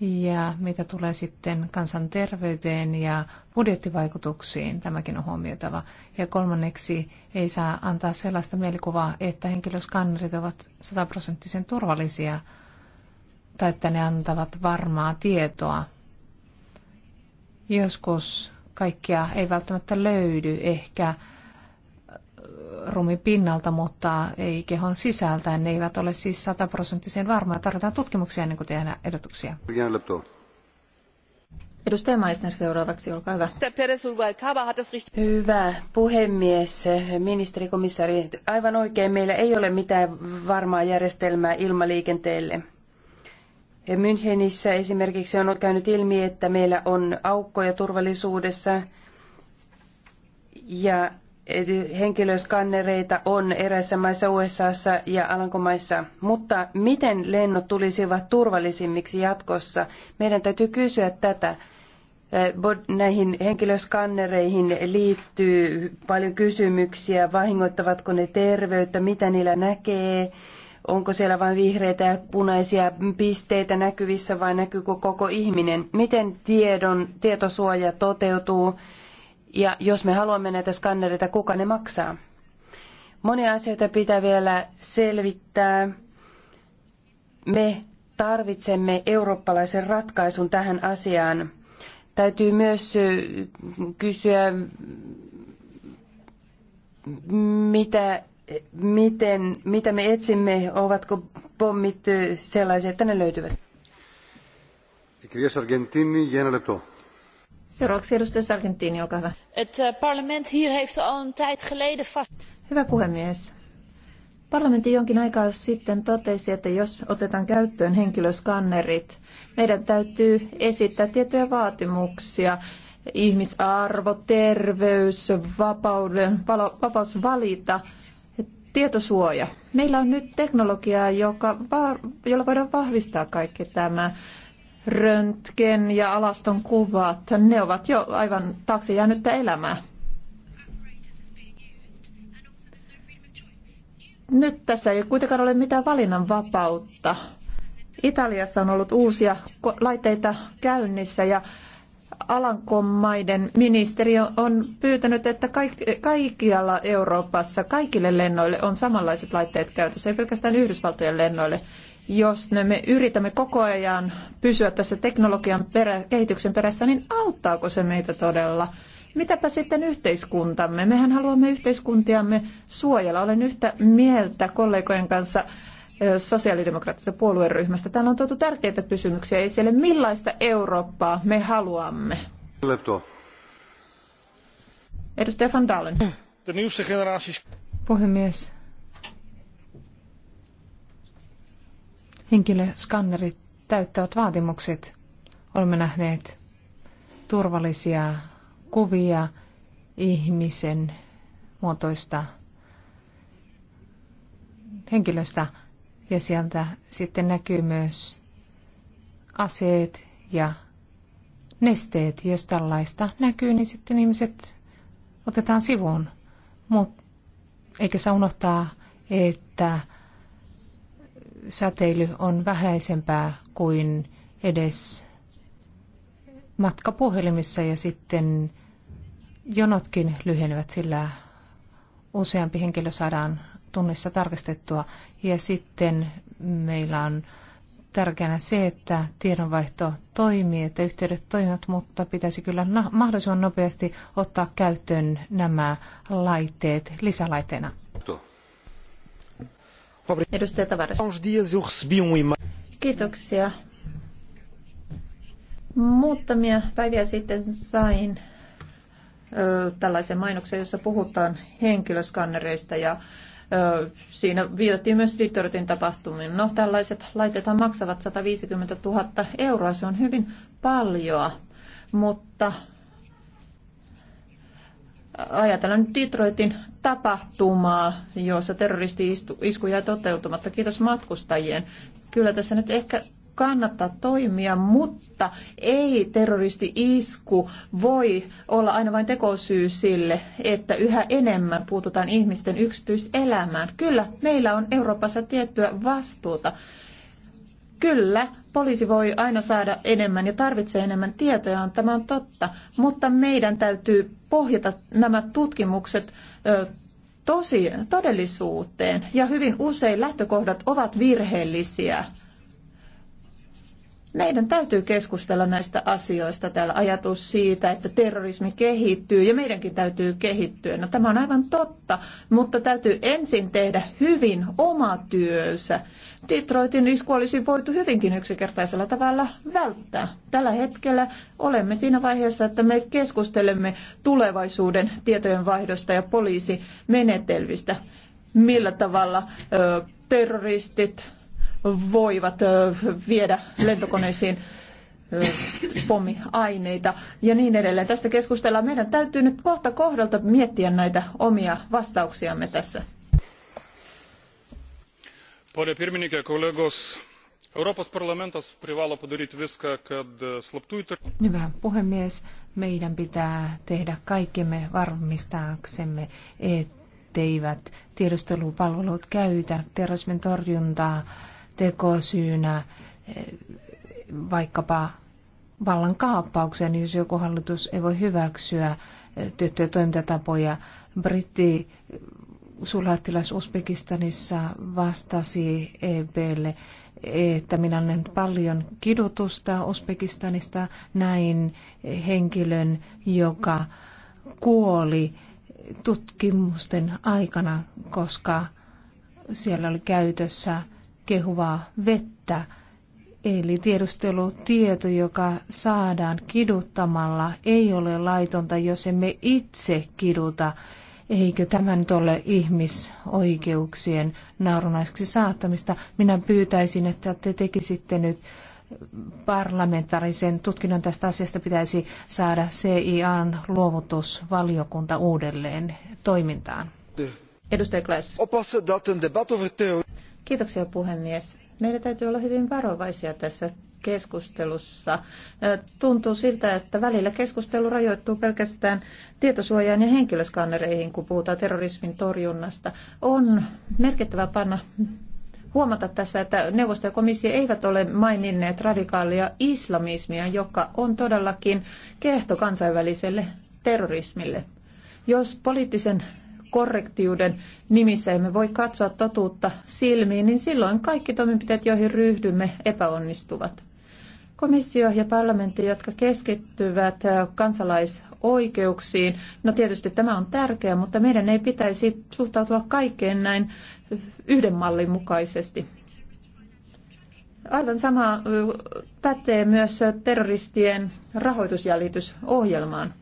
ja mitä tulee sitten kansanterveyteen ja budjettivaikutuksiin, tämäkin on huomioitava. Ja kolmanneksi ei saa antaa sellaista mielikuvaa, että henkilöskannerit ovat sataprosenttisen turvallisia tai että ne antavat varmaa tietoa. Joskus kaikkia ei välttämättä löydy. Ehkä pinnalta, mutta ei kehon sisältä. Ne eivät ole siis sataprosenttisen varmaa. Tarvitaan tutkimuksia ennen kuin tehdään edutuksia. Edustaja Meissner seuraavaksi, olkaa hyvä. Hyvä puhemies, ministeri, komissaari. Aivan oikein, meillä ei ole mitään varmaa järjestelmää ilmaliikenteelle. Münchenissä esimerkiksi on käynyt ilmi, että meillä on aukkoja turvallisuudessa ja henkilöskannereita on eräissä maissa USAssa ja Alankomaissa, mutta miten lennot tulisivat turvallisimmiksi jatkossa? Meidän täytyy kysyä tätä. Näihin henkilöskannereihin liittyy paljon kysymyksiä, vahingoittavatko ne terveyttä, mitä niillä näkee, onko siellä vain vihreitä ja punaisia pisteitä näkyvissä vai näkyykö koko ihminen, miten tiedon, tietosuoja toteutuu, ja jos me haluamme näitä skannereita, kuka ne maksaa? Monia asioita pitää vielä selvittää. Me tarvitsemme eurooppalaisen ratkaisun tähän asiaan. Täytyy myös kysyä, mitä, miten, mitä me etsimme, ovatko pommit sellaisia, että ne löytyvät. Κυρία Σαργεντίνη, για ένα λεπτό. Seuraavaksi edustaja Sargentini, olkaa hyvä. Het eh, parlement hier heeft al een tijd geleden vast... Hyvä puhemies. Parlamentti jonkin aikaa sitten totesi, että jos otetaan käyttöön henkilöskannerit, meidän täytyy esittää tiettyjä vaatimuksia ihmisarvo, terveys, vapauden, vapaus valita, tietosuoja. Meillä on nyt teknologiaa, joka, jolla voidaan vahvistaa kaikki tämä röntgen ja alaston kuvat, ne ovat jo aivan taakse jäänyttä elämää. Nyt tässä ei kuitenkaan ole mitään valinnanvapautta. Italiassa on ollut uusia laitteita käynnissä ja Alankomaiden ministeri on pyytänyt, että kaikkialla Euroopassa, kaikille lennoille on samanlaiset laitteet käytössä, ei pelkästään Yhdysvaltojen lennoille jos me yritämme koko ajan pysyä tässä teknologian perä, kehityksen perässä, niin auttaako se meitä todella? Mitäpä sitten yhteiskuntamme? Mehän haluamme yhteiskuntiamme suojella. Olen yhtä mieltä kollegojen kanssa sosiaalidemokraattisesta puolueryhmästä. Täällä on tuotu tärkeitä kysymyksiä esille. Millaista Eurooppaa me haluamme? Leto. Edustaja Van Dalen. Puhemies, henkilöskannerit täyttävät vaatimukset. Olemme nähneet turvallisia kuvia ihmisen muotoista henkilöstä ja sieltä sitten näkyy myös aseet ja nesteet. Jos tällaista näkyy, niin sitten ihmiset otetaan sivuun. Mut eikä saa unohtaa, että säteily on vähäisempää kuin edes matkapuhelimissa ja sitten jonotkin lyhenevät, sillä useampi henkilö saadaan tunnissa tarkastettua. Ja sitten meillä on tärkeänä se, että tiedonvaihto toimii, että yhteydet toimivat, mutta pitäisi kyllä mahdollisimman nopeasti ottaa käyttöön nämä laitteet lisälaitteena. Edustaja Tavares. Um Kiitoksia. Muutamia päiviä sitten sain ö, tällaisen mainoksen, jossa puhutaan henkilöskannereista ja ö, siinä viitattiin myös Detroitin tapahtumiin. No, tällaiset laitteethan maksavat 150 000 euroa, se on hyvin paljon, mutta ajatellaan Detroitin tapahtumaa, jossa terroristi-iskuja toteutumatta. Kiitos matkustajien. Kyllä tässä nyt ehkä kannattaa toimia, mutta ei terroristi-isku voi olla aina vain tekosyy sille, että yhä enemmän puututaan ihmisten yksityiselämään. Kyllä, meillä on Euroopassa tiettyä vastuuta. Kyllä, poliisi voi aina saada enemmän ja tarvitsee enemmän tietoja, tämä on totta, mutta meidän täytyy pohjata nämä tutkimukset tosi, todellisuuteen ja hyvin usein lähtökohdat ovat virheellisiä. Meidän täytyy keskustella näistä asioista. Täällä ajatus siitä, että terrorismi kehittyy ja meidänkin täytyy kehittyä. No tämä on aivan totta, mutta täytyy ensin tehdä hyvin oma työnsä. Detroitin isku olisi voitu hyvinkin yksinkertaisella tavalla välttää. Tällä hetkellä olemme siinä vaiheessa, että me keskustelemme tulevaisuuden tietojen vaihdosta ja poliisimenetelmistä. Millä tavalla ö, terroristit voivat viedä lentokoneisiin pommiaineita ja niin edelleen. Tästä keskustellaan. Meidän täytyy nyt kohta kohdalta miettiä näitä omia vastauksiamme tässä. Pone pirmininkė, kollegos, Euroopan parlamentas privalo padaryti viską, kad slaptųjų... Hyvä puhemies, meidän pitää tehdä kaikkemme varmistaaksemme, etteivät tiedustelupalvelut käytä terrorismin torjuntaa tekosyynä eh, vaikkapa vallankaappauksen, niin jos joku hallitus ei voi hyväksyä eh, tiettyjä toimintatapoja. Britti eh, sulhattilas Uzbekistanissa vastasi EBlle, että minä olen paljon kidutusta Uzbekistanista näin henkilön, joka kuoli tutkimusten aikana, koska siellä oli käytössä kehuvaa vettä. Eli tiedustelutieto, joka saadaan kiduttamalla, ei ole laitonta, jos emme itse kiduta. Eikö tämä nyt ole ihmisoikeuksien naurunaiseksi saattamista? Minä pyytäisin, että te tekisitte nyt parlamentaarisen tutkinnon tästä asiasta pitäisi saada CIAn luovutusvaliokunta uudelleen toimintaan. Edustaja Klaas. Kiitoksia puhemies. Meidän täytyy olla hyvin varovaisia tässä keskustelussa. Tuntuu siltä, että välillä keskustelu rajoittuu pelkästään tietosuojaan ja henkilöskannereihin, kun puhutaan terrorismin torjunnasta. On merkittävä panna huomata tässä, että neuvosto ja komissio eivät ole maininneet radikaalia islamismia, joka on todellakin kehto kansainväliselle terrorismille. Jos poliittisen korrektiuden nimissä emme voi katsoa totuutta silmiin, niin silloin kaikki toimenpiteet, joihin ryhdymme, epäonnistuvat. Komissio ja parlamentti, jotka keskittyvät äh, kansalaisoikeuksiin, no tietysti tämä on tärkeää, mutta meidän ei pitäisi suhtautua kaikkeen näin yhden mallin mukaisesti. Aivan sama äh, pätee myös terroristien rahoitusjäljitysohjelmaan.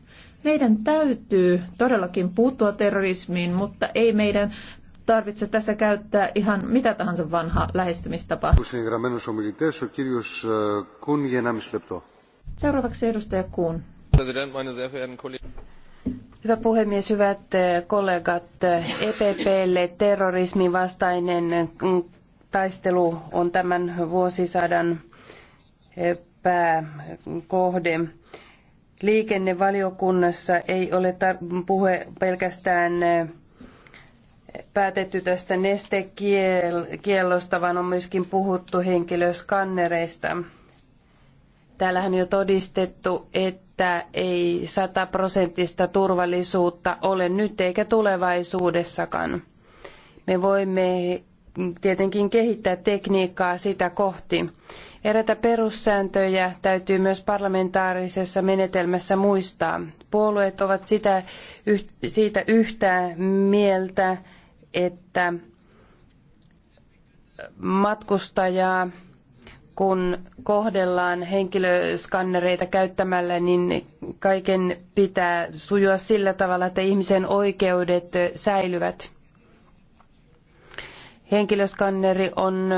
Meidän täytyy todellakin puuttua terrorismiin, mutta ei meidän tarvitse tässä käyttää ihan mitä tahansa vanha lähestymistapa. Seuraavaksi edustaja Kuun. Hyvä puhemies, hyvät eh, kollegat. EPPlle terrorismin vastainen mm, taistelu on tämän vuosisadan eh, pääkohde liikennevaliokunnassa ei ole puhe pelkästään eh, päätetty tästä nestekiellosta, vaan on myöskin puhuttu henkilöskannereista. Täällähän on jo todistettu, että ei sataprosenttista turvallisuutta ole nyt eikä tulevaisuudessakaan. Me voimme tietenkin kehittää tekniikkaa sitä kohti. Eräitä perussääntöjä täytyy myös parlamentaarisessa menetelmässä muistaa. Puolueet ovat sitä, siitä yhtä mieltä, että matkustajaa kun kohdellaan henkilöskannereita käyttämällä, niin kaiken pitää sujua sillä tavalla, että ihmisen oikeudet säilyvät. Henkilöskanneri on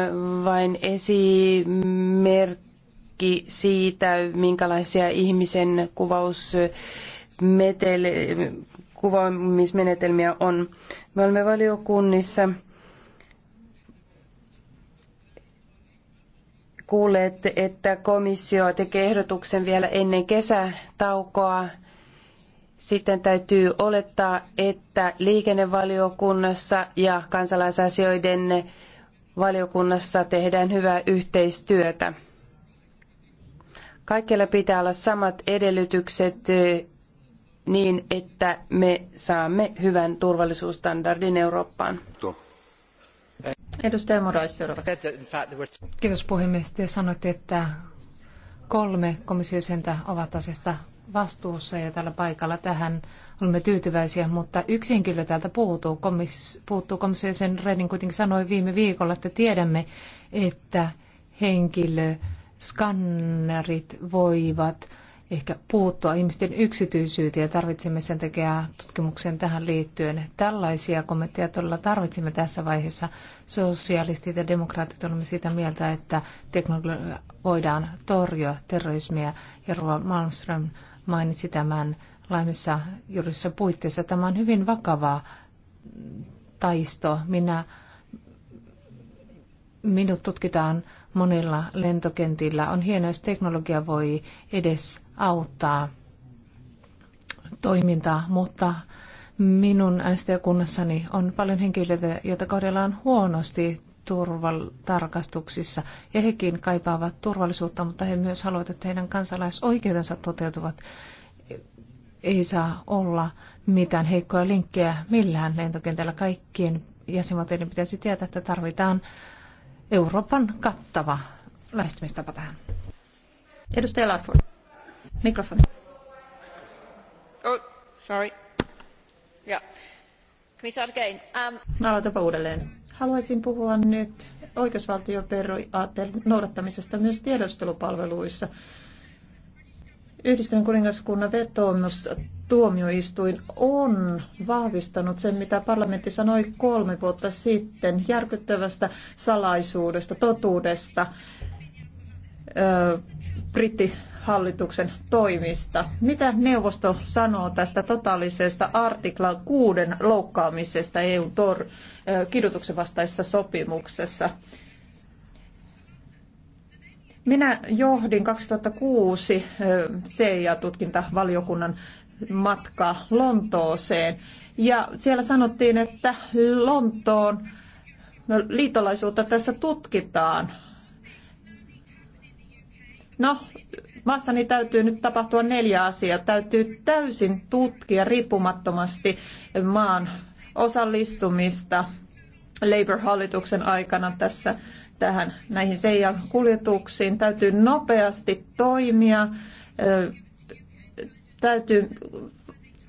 vain esimerkki siitä, minkälaisia ihmisen kuvaamismenetelmiä on. Me olemme valiokunnissa kuulleet, että komissio tekee ehdotuksen vielä ennen kesätaukoa sitten täytyy olettaa, että liikennevaliokunnassa ja kansalaisasioiden valiokunnassa tehdään hyvää yhteistyötä. Kaikilla pitää olla samat edellytykset eh, niin, että me saamme hyvän turvallisuusstandardin Eurooppaan. Edustaja Morais, Kiitos puhemies. Te sanoitte, että kolme komissiosenta ovat asiasta vastuussa ja tällä paikalla tähän olemme tyytyväisiä, mutta yksi henkilö täältä puuttuu. Komis, puuttuu komissio sen Redin kuitenkin sanoi viime viikolla, että tiedämme, että henkilöskannerit voivat ehkä puuttua ihmisten yksityisyyteen ja tarvitsemme sen takia tutkimuksen tähän liittyen. Tällaisia kommentteja todella tarvitsemme tässä vaiheessa. Sosialistit ja demokraatit olemme sitä mieltä, että teknologia voidaan torjua terrorismia ja Ruoan Malmström mainitsi tämän laimissa juridisessa puitteissa. Tämä on hyvin vakava taisto. Minä, minut tutkitaan monilla lentokentillä. On hienoa, jos teknologia voi edes auttaa toimintaa, mutta minun äänestäjäkunnassani on paljon henkilöitä, joita kohdellaan huonosti turvatarkastuksissa. Ja hekin kaipaavat turvallisuutta, mutta he myös haluavat, että heidän kansalaisoikeutensa toteutuvat. Ei saa olla mitään heikkoja linkkejä millään lentokentällä. Kaikkien jäsenvaltioiden pitäisi tietää, että tarvitaan Euroopan kattava lähestymistapa tähän. Edustaja Larford. Mikrofoni. Oh, sorry. Yeah. Um, no, aloitapa uudelleen. Haluaisin puhua nyt oikeusvaltioperiaatteen noudattamisesta myös tiedostelupalveluissa. Yhdistyneen kuningaskunnan vetoomus tuomioistuin on vahvistanut sen, mitä parlamentti sanoi kolme vuotta sitten järkyttävästä salaisuudesta, totuudesta, britti hallituksen toimista. Mitä neuvosto sanoo tästä totaalisesta artiklan 6 loukkaamisesta EUn tor- kidutuksen vastaisessa sopimuksessa? Minä johdin 2006 CIA-tutkintavaliokunnan matkaa Lontooseen ja siellä sanottiin, että Lontoon liitolaisuutta tässä tutkitaan. No, Maassani täytyy nyt tapahtua neljä asiaa. Täytyy täysin tutkia riippumattomasti maan osallistumista Labour-hallituksen aikana tässä tähän näihin Seijan kuljetuksiin. Täytyy nopeasti toimia, täytyy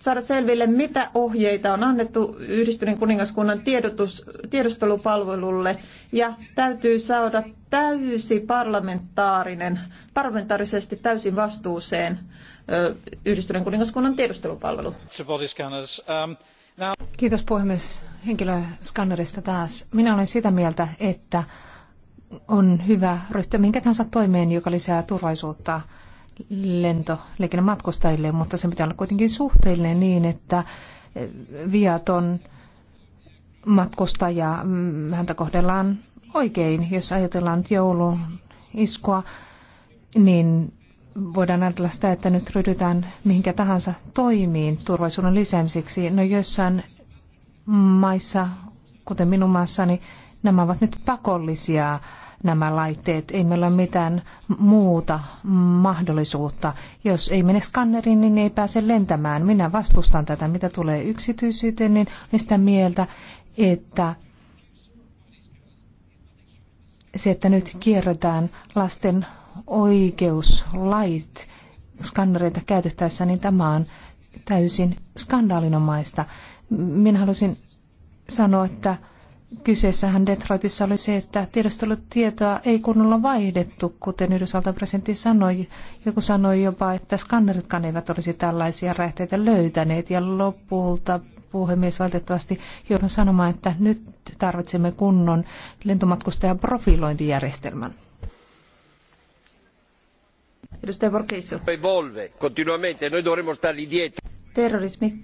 saada selville, mitä ohjeita on annettu yhdistyneen kuningaskunnan tiedotus, tiedustelupalvelulle ja täytyy saada täysi parlamentaarinen, parlamentaarisesti täysin vastuuseen yhdistyneen kuningaskunnan tiedustelupalvelu. Kiitos puhemies henkilöskannerista taas. Minä olen sitä mieltä, että on hyvä ryhtyä minkä tahansa toimeen, joka lisää turvallisuutta matkustajille, mutta se pitää olla kuitenkin suhteellinen niin, että eh, viaton matkustaja, mm, häntä kohdellaan oikein. Jos ajatellaan nyt joulun iskua, niin voidaan ajatella sitä, että nyt ryhdytään mihinkä tahansa toimiin turvallisuuden lisäämiseksi. No joissain maissa, kuten minun maassani, nämä ovat nyt pakollisia nämä laitteet. Ei meillä ole mitään muuta mahdollisuutta. Jos ei mene skanneriin, niin ei pääse lentämään. Minä vastustan tätä, mitä tulee yksityisyyteen, niin olen sitä mieltä, että se, että nyt kierretään lasten oikeuslait skannereita käytettäessä, niin tämä on täysin skandaalinomaista. Minä haluaisin sanoa, että Kyseessähän Detroitissa oli se, että tiedustelutietoa ei kunnolla vaihdettu, kuten Yhdysvaltain presidentti sanoi. Joku sanoi jopa, että skanneritkaan eivät olisi tällaisia räjähteitä löytäneet. Ja lopulta puhemies valitettavasti joudun sanomaan, että nyt tarvitsemme kunnon lentomatkustajan profilointijärjestelmän. Edustaja Borghesso. Noi dovremmo dietro terrorismi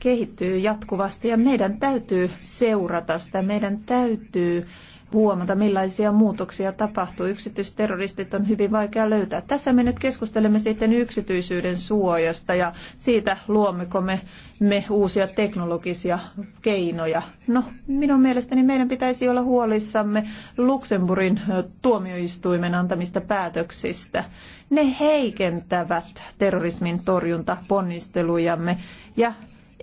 kehittyy jatkuvasti ja meidän täytyy seurata sitä. Meidän täytyy huomata, millaisia muutoksia tapahtuu. Yksityisterroristit on hyvin vaikea löytää. Tässä me nyt keskustelemme sitten yksityisyyden suojasta ja siitä luommeko me, me uusia teknologisia keinoja. No, minun mielestäni meidän pitäisi olla huolissamme Luxemburgin tuomioistuimen antamista päätöksistä. Ne heikentävät terrorismin torjuntaponnistelujamme ja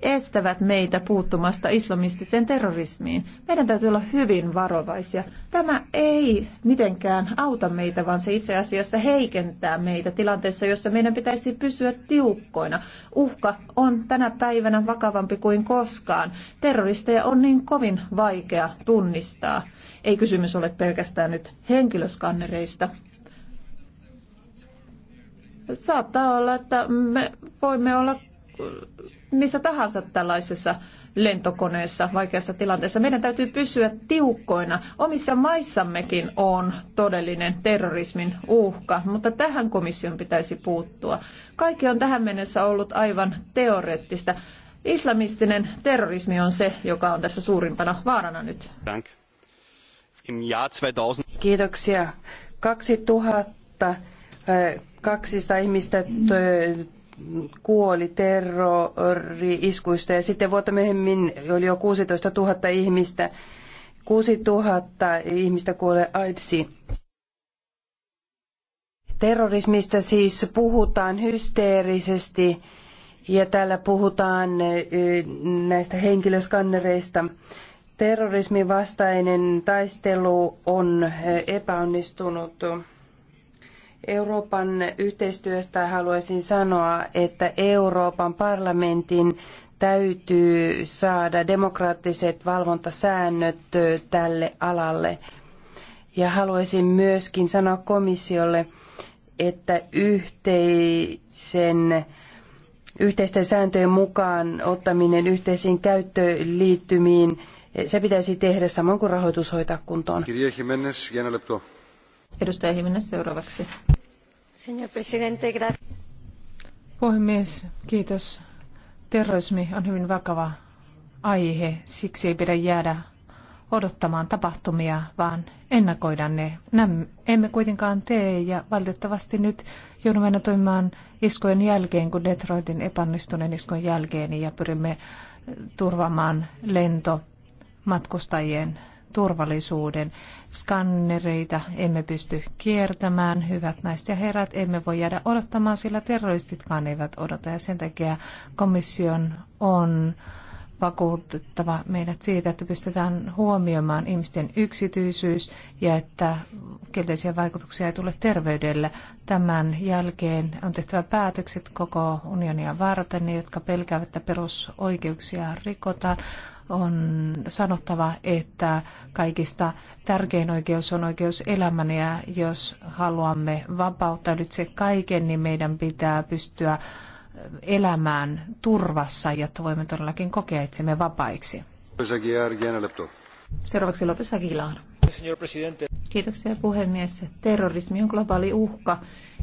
estävät meitä puuttumasta islamistiseen terrorismiin. Meidän täytyy olla hyvin varovaisia. Tämä ei mitenkään auta meitä, vaan se itse asiassa heikentää meitä tilanteessa, jossa meidän pitäisi pysyä tiukkoina. Uhka on tänä päivänä vakavampi kuin koskaan. Terroristeja on niin kovin vaikea tunnistaa. Ei kysymys ole pelkästään nyt henkilöskannereista, saattaa olla, että me voimme olla missä tahansa tällaisessa lentokoneessa vaikeassa tilanteessa. Meidän täytyy pysyä tiukkoina. Omissa maissammekin on todellinen terrorismin uhka, mutta tähän komission pitäisi puuttua. Kaikki on tähän mennessä ollut aivan teoreettista. Islamistinen terrorismi on se, joka on tässä suurimpana vaarana nyt. Kiitoksia. 2000 200 ihmistä kuoli terrori-iskuista ja sitten vuotta myöhemmin oli jo 16 000 ihmistä. 6 000 ihmistä kuolee AIDSiin. Terrorismista siis puhutaan hysteerisesti ja täällä puhutaan näistä henkilöskannereista. Terrorismin vastainen taistelu on epäonnistunut. Euroopan yhteistyöstä haluaisin sanoa, että Euroopan parlamentin täytyy saada demokraattiset valvontasäännöt tälle alalle. Ja haluaisin myöskin sanoa komissiolle, että yhteisen, yhteisten sääntöjen mukaan ottaminen yhteisiin käyttöliittymiin, se pitäisi tehdä samoin kuin rahoitus hoitaa kuntoon. Edustaja Himinen seuraavaksi. Señor presidente, Puhemies, kiitos. Terrorismi on hyvin vakava aihe, siksi ei pidä jäädä odottamaan tapahtumia, vaan ennakoida ne. Nämä emme kuitenkaan tee ja valitettavasti nyt joudumme aina toimimaan iskojen jälkeen, kun Detroitin epäonnistuneen iskon jälkeen ja pyrimme turvaamaan lento matkustajien turvallisuuden. Skannereita emme pysty kiertämään. Hyvät naiset ja herrat, emme voi jäädä odottamaan, sillä terroristitkaan eivät odota. Ja sen takia komission on vakuutettava meidät siitä, että pystytään huomioimaan ihmisten yksityisyys ja että kielteisiä vaikutuksia ei tule terveydelle. Tämän jälkeen on tehtävä päätökset koko unionia varten, ne jotka pelkäävät, että perusoikeuksia rikotaan on sanottava, että kaikista tärkein oikeus on oikeus elämään ja jos haluamme vapauttaa nyt se kaiken, niin meidän pitää pystyä elämään turvassa, jotta voimme todellakin kokea itsemme vapaiksi. Seuraavaksi Lopes Aguilar. Kiitoksia puhemies. Terrorismi on globaali uhka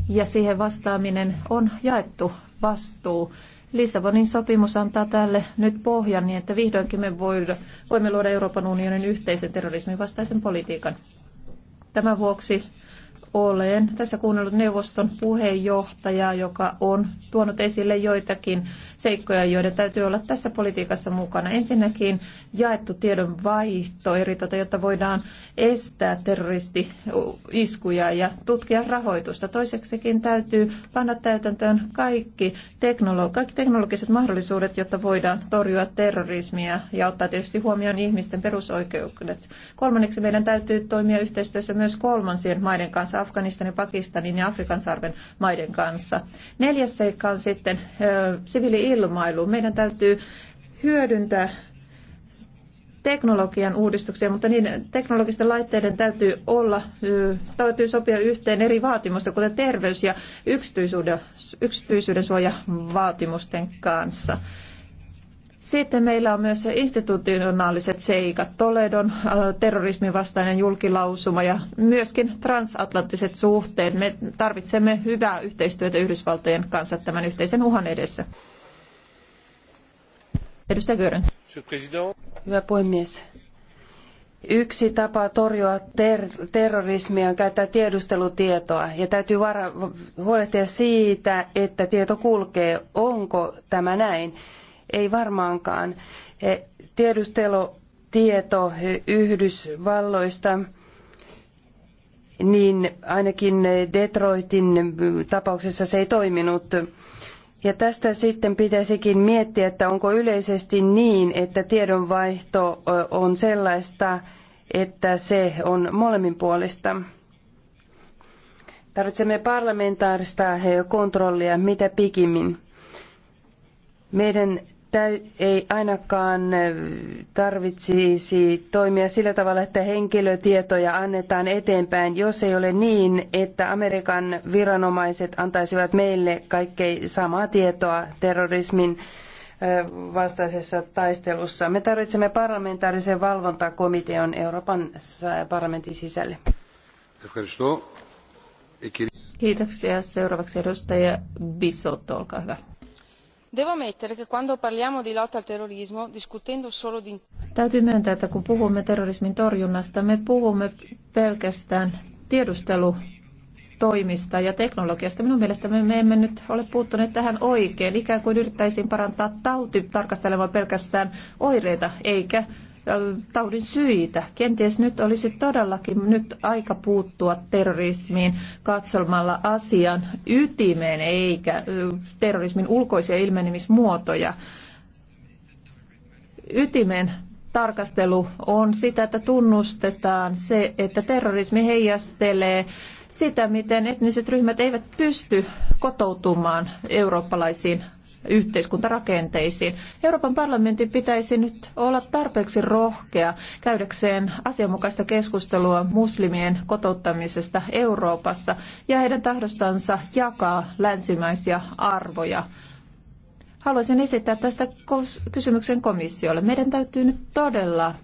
ja siihen vastaaminen on jaettu vastuu Lissabonin sopimus antaa tälle nyt pohjan niin, että vihdoinkin me voimme luoda Euroopan unionin yhteisen terrorismin vastaisen politiikan. Tämän vuoksi olen tässä kuunnellut neuvoston puheenjohtajaa, joka on tuonut esille joitakin seikkoja, joiden täytyy olla tässä politiikassa mukana. Ensinnäkin jaettu tiedon vaihto, tuota, jotta voidaan estää terroristi-iskuja ja tutkia rahoitusta. Toiseksikin täytyy panna täytäntöön kaikki, teknolo- kaikki teknologiset mahdollisuudet, jotta voidaan torjua terrorismia ja ottaa tietysti huomioon ihmisten perusoikeudet. Kolmanneksi meidän täytyy toimia yhteistyössä myös kolmansien maiden kanssa, Afganistanin, Pakistanin ja Afrikan sarven maiden kanssa. Neljäs seikka aikaan sitten siviiliilmailuun. Meidän täytyy hyödyntää teknologian uudistuksia, mutta niiden teknologisten laitteiden täytyy olla, täytyy sopia yhteen eri vaatimusta, kuten terveys- ja yksityisyyden, yksityisyyden suojavaatimusten kanssa. Sitten meillä on myös institutionaaliset seikat, Toledon terrorismin vastainen julkilausuma ja myöskin transatlanttiset suhteet. Me tarvitsemme hyvää yhteistyötä Yhdysvaltojen kanssa tämän yhteisen uhan edessä. Edustaja Görens. Hyvä puhemies. Yksi tapa torjua ter- terrorismia on käyttää tiedustelutietoa ja täytyy vara- huolehtia siitä, että tieto kulkee. Onko tämä näin? Ei varmaankaan. E, tiedustelutieto Yhdysvalloista, niin ainakin Detroitin tapauksessa se ei toiminut. Ja tästä sitten pitäisikin miettiä, että onko yleisesti niin, että tiedonvaihto on sellaista, että se on molemminpuolista. Tarvitsemme parlamentaarista kontrollia mitä pikimmin. Meidän ei ainakaan tarvitsisi toimia sillä tavalla, että henkilötietoja annetaan eteenpäin, jos ei ole niin, että Amerikan viranomaiset antaisivat meille kaikkea samaa tietoa terrorismin vastaisessa taistelussa. Me tarvitsemme parlamentaarisen valvontakomitean Euroopan parlamentin sisälle. Kiitoksia. Seuraavaksi edustaja Bisotto, olkaa hyvä. Devo ammettere che quando parliamo di lotta al terrorismo, discutendo solo di... Täytyy myöntää, että kun puhumme terrorismin torjunnasta, me puhumme pelkästään tiedustelutoimista ja teknologiasta. Minun mielestäni me emme nyt ole puuttuneet tähän oikein. Ikään kuin yrittäisiin parantaa tauti tarkastelemaan pelkästään oireita eikä taudin syitä. Kenties nyt olisi todellakin nyt aika puuttua terrorismiin katsomalla asian ytimeen eikä terrorismin ulkoisia ilmenemismuotoja. Ytimen tarkastelu on sitä, että tunnustetaan se, että terrorismi heijastelee sitä, miten etniset ryhmät eivät pysty kotoutumaan eurooppalaisiin yhteiskuntarakenteisiin. Euroopan parlamentin pitäisi nyt olla tarpeeksi rohkea käydäkseen asianmukaista keskustelua muslimien kotouttamisesta Euroopassa ja heidän tahdostansa jakaa länsimaisia arvoja. Haluaisin esittää tästä kysymyksen komissiolle. Meidän täytyy nyt todella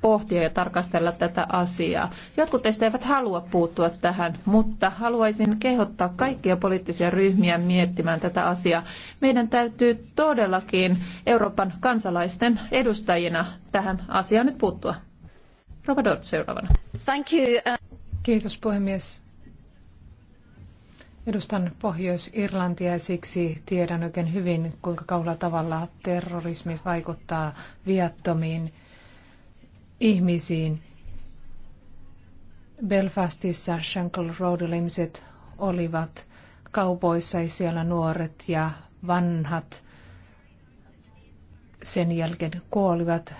pohtia ja tarkastella tätä asiaa. Jotkut teistä eivät halua puuttua tähän, mutta haluaisin kehottaa kaikkia poliittisia ryhmiä miettimään tätä asiaa. Meidän täytyy todellakin Euroopan kansalaisten edustajina tähän asiaan nyt puuttua. Rova Dort seuraavana. Thank you. Uh- Kiitos puhemies. Edustan Pohjois-Irlantia ja siksi tiedän oikein hyvin, kuinka kaulla tavalla terrorismi vaikuttaa viattomiin ihmisiin. Belfastissa Shankill Roadilla ihmiset olivat kaupoissa ja siellä nuoret ja vanhat sen jälkeen kuolivat.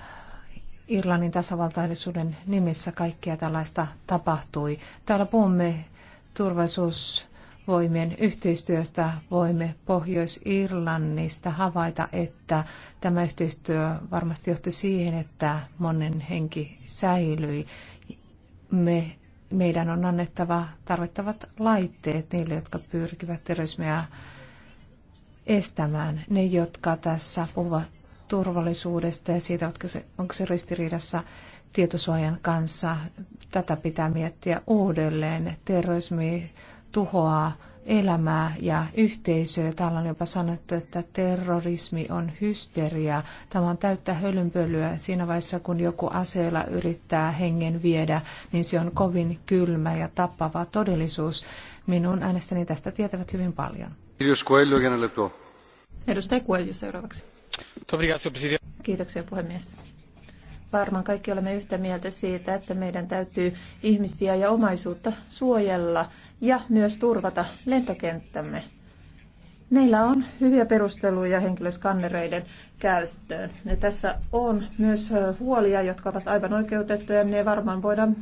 Irlannin tasavaltaisuuden nimissä kaikkea tällaista tapahtui. Täällä puhumme turvallisuus voimien yhteistyöstä voimme Pohjois-Irlannista havaita, että tämä yhteistyö varmasti johti siihen, että monen henki säilyi. Me, meidän on annettava tarvittavat laitteet niille, jotka pyrkivät terrorismia estämään. Ne, jotka tässä puhuvat turvallisuudesta ja siitä, onko se, onko se ristiriidassa tietosuojan kanssa. Tätä pitää miettiä uudelleen. Terrorismi tuhoaa elämää ja yhteisöä. Täällä on jopa sanottu, että terrorismi on hysteria. Tämä on täyttä hölynpölyä. Siinä vaiheessa, kun joku aseella yrittää hengen viedä, niin se on kovin kylmä ja tappava todellisuus. Minun äänestäni tästä tietävät hyvin paljon. Edustaja Kuelju seuraavaksi. Kiitoksia puhemies. Varmaan kaikki olemme yhtä mieltä siitä, että meidän täytyy ihmisiä ja omaisuutta suojella ja myös turvata lentokenttämme. Meillä on hyviä perusteluja henkilöskannereiden käyttöön. Ja tässä on myös huolia, jotka ovat aivan oikeutettuja. Ne varmaan voidaan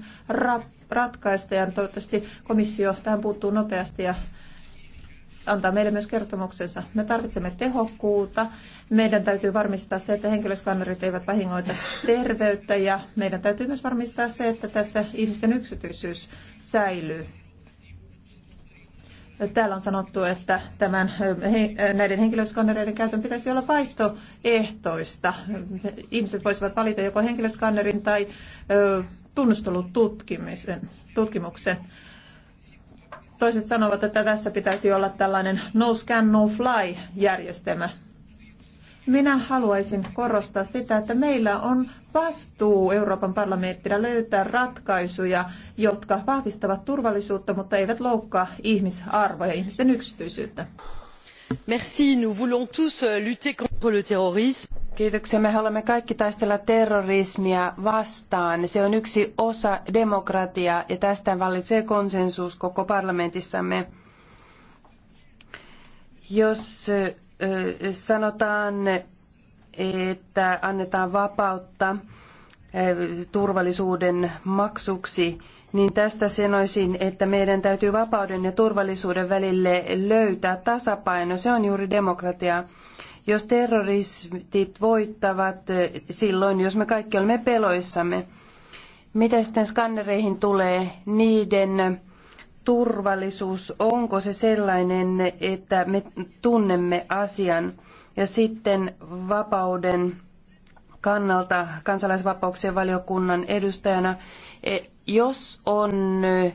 ratkaista ja toivottavasti komissio tähän puuttuu nopeasti ja antaa meille myös kertomuksensa. Me tarvitsemme tehokkuutta. Meidän täytyy varmistaa se, että henkilöskannerit eivät vahingoita terveyttä ja meidän täytyy myös varmistaa se, että tässä ihmisten yksityisyys säilyy. Täällä on sanottu, että tämän, näiden henkilöskannereiden käytön pitäisi olla vaihtoehtoista. Ihmiset voisivat valita joko henkilöskannerin tai tunnustelututkimuksen. tutkimuksen toiset sanovat, että tässä pitäisi olla tällainen no scan, no fly järjestelmä. Minä haluaisin korostaa sitä, että meillä on vastuu Euroopan parlamenttina löytää ratkaisuja, jotka vahvistavat turvallisuutta, mutta eivät loukkaa ihmisarvoja, ihmisten yksityisyyttä. Merci, nous voulons tous euh, lutter contre le terrorisme. Kiitoksia. Me haluamme kaikki taistella terrorismia vastaan. Se on yksi osa demokratiaa ja tästä vallitsee konsensus koko parlamentissamme. Jos sanotaan, että annetaan vapautta turvallisuuden maksuksi, niin tästä sanoisin, että meidän täytyy vapauden ja turvallisuuden välille löytää tasapaino. Se on juuri demokratia. Jos terroristit voittavat silloin, jos me kaikki olemme peloissamme, mitä sitten skannereihin tulee, niiden turvallisuus, onko se sellainen, että me tunnemme asian ja sitten vapauden kannalta kansalaisvapauksien valiokunnan edustajana, e, jos on e,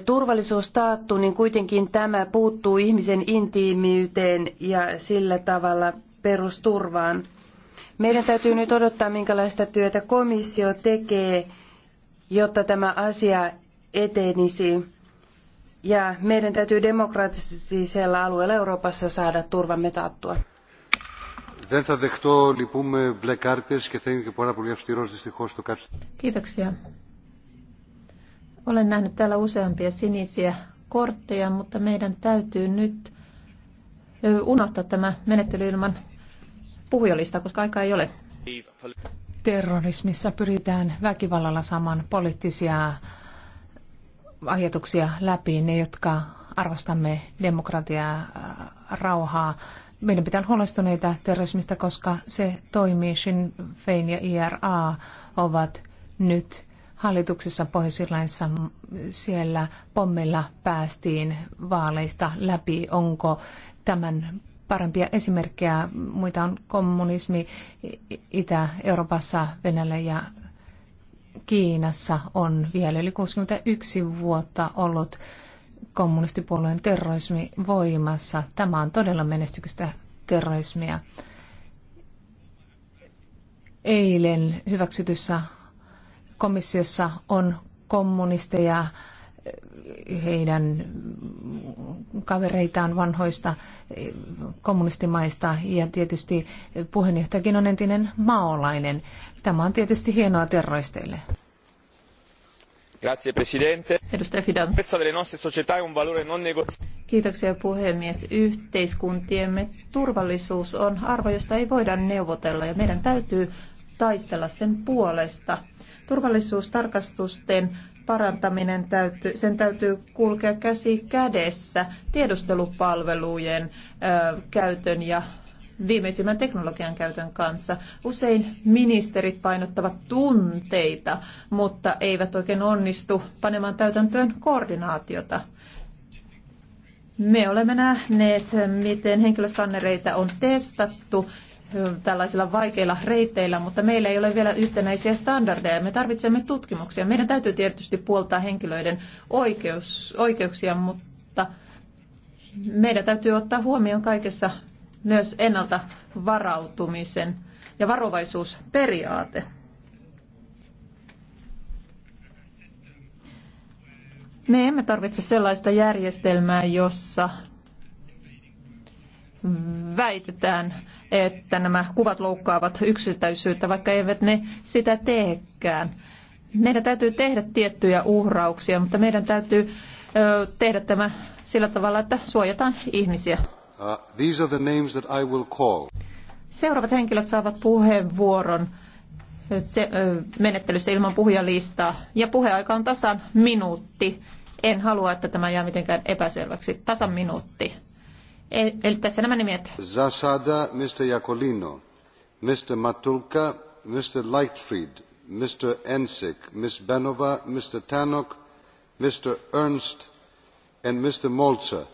turvallisuus taattu, niin kuitenkin tämä puuttuu ihmisen intiimiyteen ja sillä tavalla perusturvaan. Meidän täytyy nyt odottaa, minkälaista työtä komissio tekee, jotta tämä asia etenisi ja meidän täytyy demokraattisella alueella Euroopassa saada turvamme taattua. Δεν θα δεχτώ λυπούμε μπλε κάρτες και θα είμαι και πάρα πολύ αυστηρός δυστυχώς στο Kiitoksia. Olen nähnyt täällä useampia sinisiä kortteja, mutta meidän täytyy nyt unohtaa tämä menettely ilman puhujalista, koska aikaa ei ole. Terrorismissa pyritään väkivallalla saamaan poliittisia ajatuksia läpi, ne jotka arvostamme demokratiaa, äh, rauhaa. Meidän pitää olla huolestuneita terrorismista, koska se toimii. Sinn Fein ja IRA ovat nyt hallituksessa pohjois siellä pommilla päästiin vaaleista läpi. Onko tämän parempia esimerkkejä? Muita on kommunismi Itä-Euroopassa, Venäjällä ja Kiinassa on vielä yli 61 vuotta ollut kommunistipuolueen terrorismi voimassa. Tämä on todella menestyksestä terrorismia. Eilen hyväksytyssä komissiossa on kommunisteja heidän kavereitaan vanhoista kommunistimaista ja tietysti puheenjohtajakin on entinen maolainen. Tämä on tietysti hienoa terroristeille. Grazie Presidente. Edustaja Fidan. Kiitoksia puhemies. Yhteiskuntiemme turvallisuus on arvo, josta ei voida neuvotella ja meidän täytyy taistella sen puolesta. Turvallisuustarkastusten parantaminen täytyy, sen täytyy kulkea käsi kädessä tiedustelupalvelujen ö, käytön ja viimeisimmän teknologian käytön kanssa. Usein ministerit painottavat tunteita, mutta eivät oikein onnistu panemaan täytäntöön koordinaatiota. Me olemme nähneet, miten henkilöskannereita on testattu tällaisilla vaikeilla reiteillä, mutta meillä ei ole vielä yhtenäisiä standardeja. Me tarvitsemme tutkimuksia. Meidän täytyy tietysti puoltaa henkilöiden oikeus, oikeuksia, mutta meidän täytyy ottaa huomioon kaikessa myös ennalta varautumisen ja varovaisuusperiaate. Me emme tarvitse sellaista järjestelmää, jossa väitetään, että nämä kuvat loukkaavat yksityisyyttä, vaikka eivät ne sitä teekään. Meidän täytyy tehdä tiettyjä uhrauksia, mutta meidän täytyy tehdä tämä sillä tavalla, että suojataan ihmisiä. Uh, these are the names that I will call. Seuraavat henkilöt saavat puheenvuoron se, menettelyssä ilman puhujalistaa. Ja puheaika on tasan minuutti. En halua, että tämä jää mitenkään epäselväksi. Tasan minuutti. E- eli nämä nimet. Zasada, Mr. Jacolino, Mr. Matulka, Mr. Lightfried, Mr. Ensik, Ms. Benova, Mr. Tannock, Mr. Ernst and Mr. Molzer.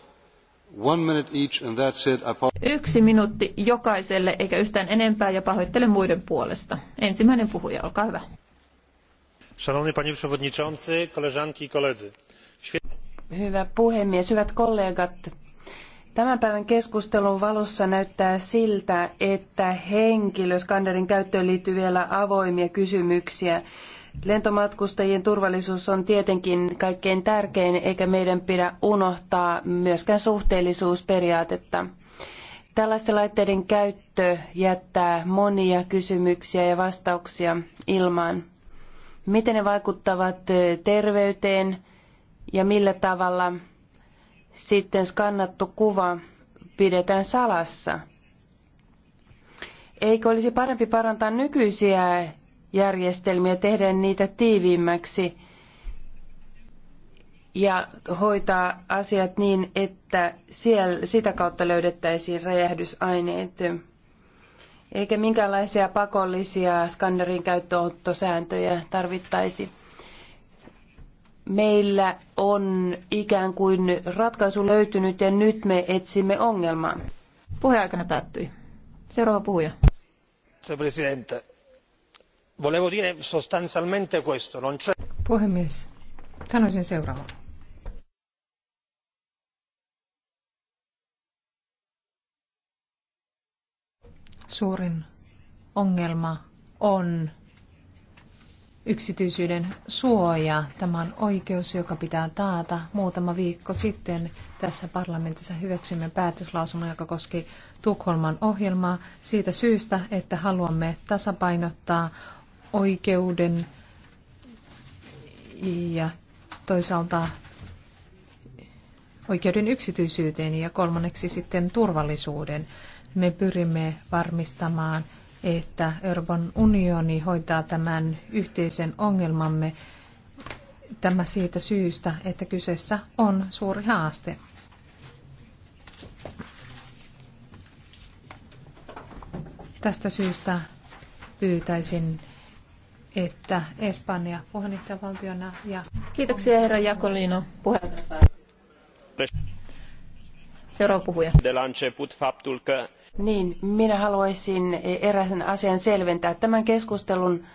One minute each and that's it. Yksi minuutti jokaiselle eikä yhtään enempää ja pahoittele muiden puolesta. Ensimmäinen puhuja, olkaa hyvä. Szanowny panie przewodniczący, koleżanki i koledzy. Hyvä puhemies, hyvät kollegat. Tämän päivän keskustelun valossa näyttää siltä, että henkilöskannerin käyttöön liittyy vielä avoimia kysymyksiä. Lentomatkustajien turvallisuus on tietenkin kaikkein tärkein, eikä meidän pidä unohtaa myöskään suhteellisuusperiaatetta. Tällaisten laitteiden käyttö jättää monia kysymyksiä ja vastauksia ilmaan. Miten ne vaikuttavat terveyteen ja millä tavalla sitten skannattu kuva pidetään salassa. Eikö olisi parempi parantaa nykyisiä järjestelmiä, tehdä niitä tiiviimmäksi ja hoitaa asiat niin, että siellä, sitä kautta löydettäisiin räjähdysaineet, eikä minkäänlaisia pakollisia skannerin käyttöönottosääntöjä tarvittaisi meillä on ikään kuin ratkaisu löytynyt ja nyt me etsimme ongelmaa. Puheaikana päättyi. Seuraava puhuja. Volevo dire sostanzialmente questo, non c'è... Puhemies, sanoisin seuraavaa. Suurin ongelma on yksityisyyden suoja. Tämä on oikeus, joka pitää taata. Muutama viikko sitten tässä parlamentissa hyväksymme päätöslausuman, joka koski Tukholman ohjelmaa siitä syystä, että haluamme tasapainottaa oikeuden ja toisaalta oikeuden yksityisyyteen ja kolmanneksi sitten turvallisuuden. Me pyrimme varmistamaan että Euroopan unioni hoitaa tämän yhteisen ongelmamme. Tämä siitä syystä, että kyseessä on suuri haaste. Tästä syystä pyytäisin, että Espanja puheenjohtajavaltiona ja... Kiitoksia herra Jakolino puheenjohtaja. Seuraava puhuja. De la început faptul că niin, minä haluaisin eräisen asian selventää. Tämän keskustelun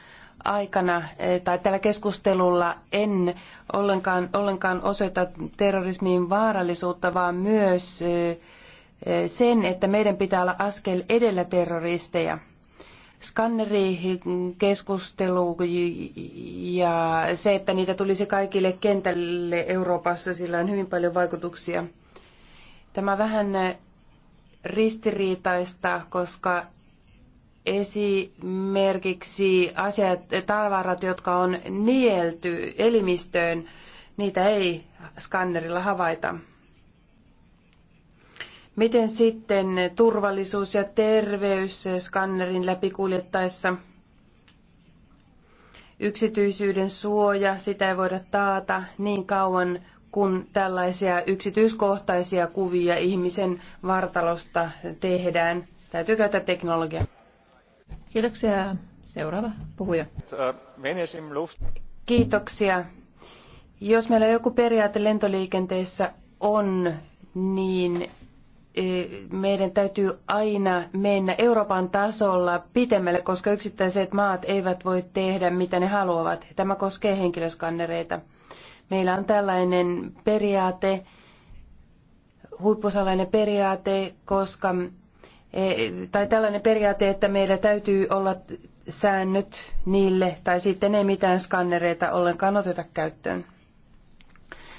aikana eh, tai tällä keskustelulla en ollenkaan, ollenkaan osoita terrorismiin vaarallisuutta, vaan myös eh, eh, sen, että meidän pitää olla askel edellä terroristeja. Skannerikeskustelu mm, ja se, että niitä tulisi kaikille kentälle Euroopassa, sillä on hyvin paljon vaikutuksia. Tämä vähän ristiriitaista, koska esimerkiksi asiat, tavarat, jotka on nielty elimistöön, niitä ei skannerilla havaita. Miten sitten turvallisuus ja terveys skannerin läpi kuljettaessa? Yksityisyyden suoja, sitä ei voida taata niin kauan kun tällaisia yksityiskohtaisia kuvia ihmisen vartalosta tehdään. Täytyy käyttää teknologiaa. Kiitoksia. Seuraava puhuja. Kiitoksia. Jos meillä joku periaate lentoliikenteessä on, niin e, meidän täytyy aina mennä Euroopan tasolla pitemmälle, koska yksittäiset maat eivät voi tehdä mitä ne haluavat. Tämä koskee henkilöskannereita. Meillä on tällainen periaate, huippusalainen periaate, koska, e, tai tällainen periaate, että meillä täytyy olla säännöt niille, tai sitten ei mitään skannereita ollenkaan oteta käyttöön.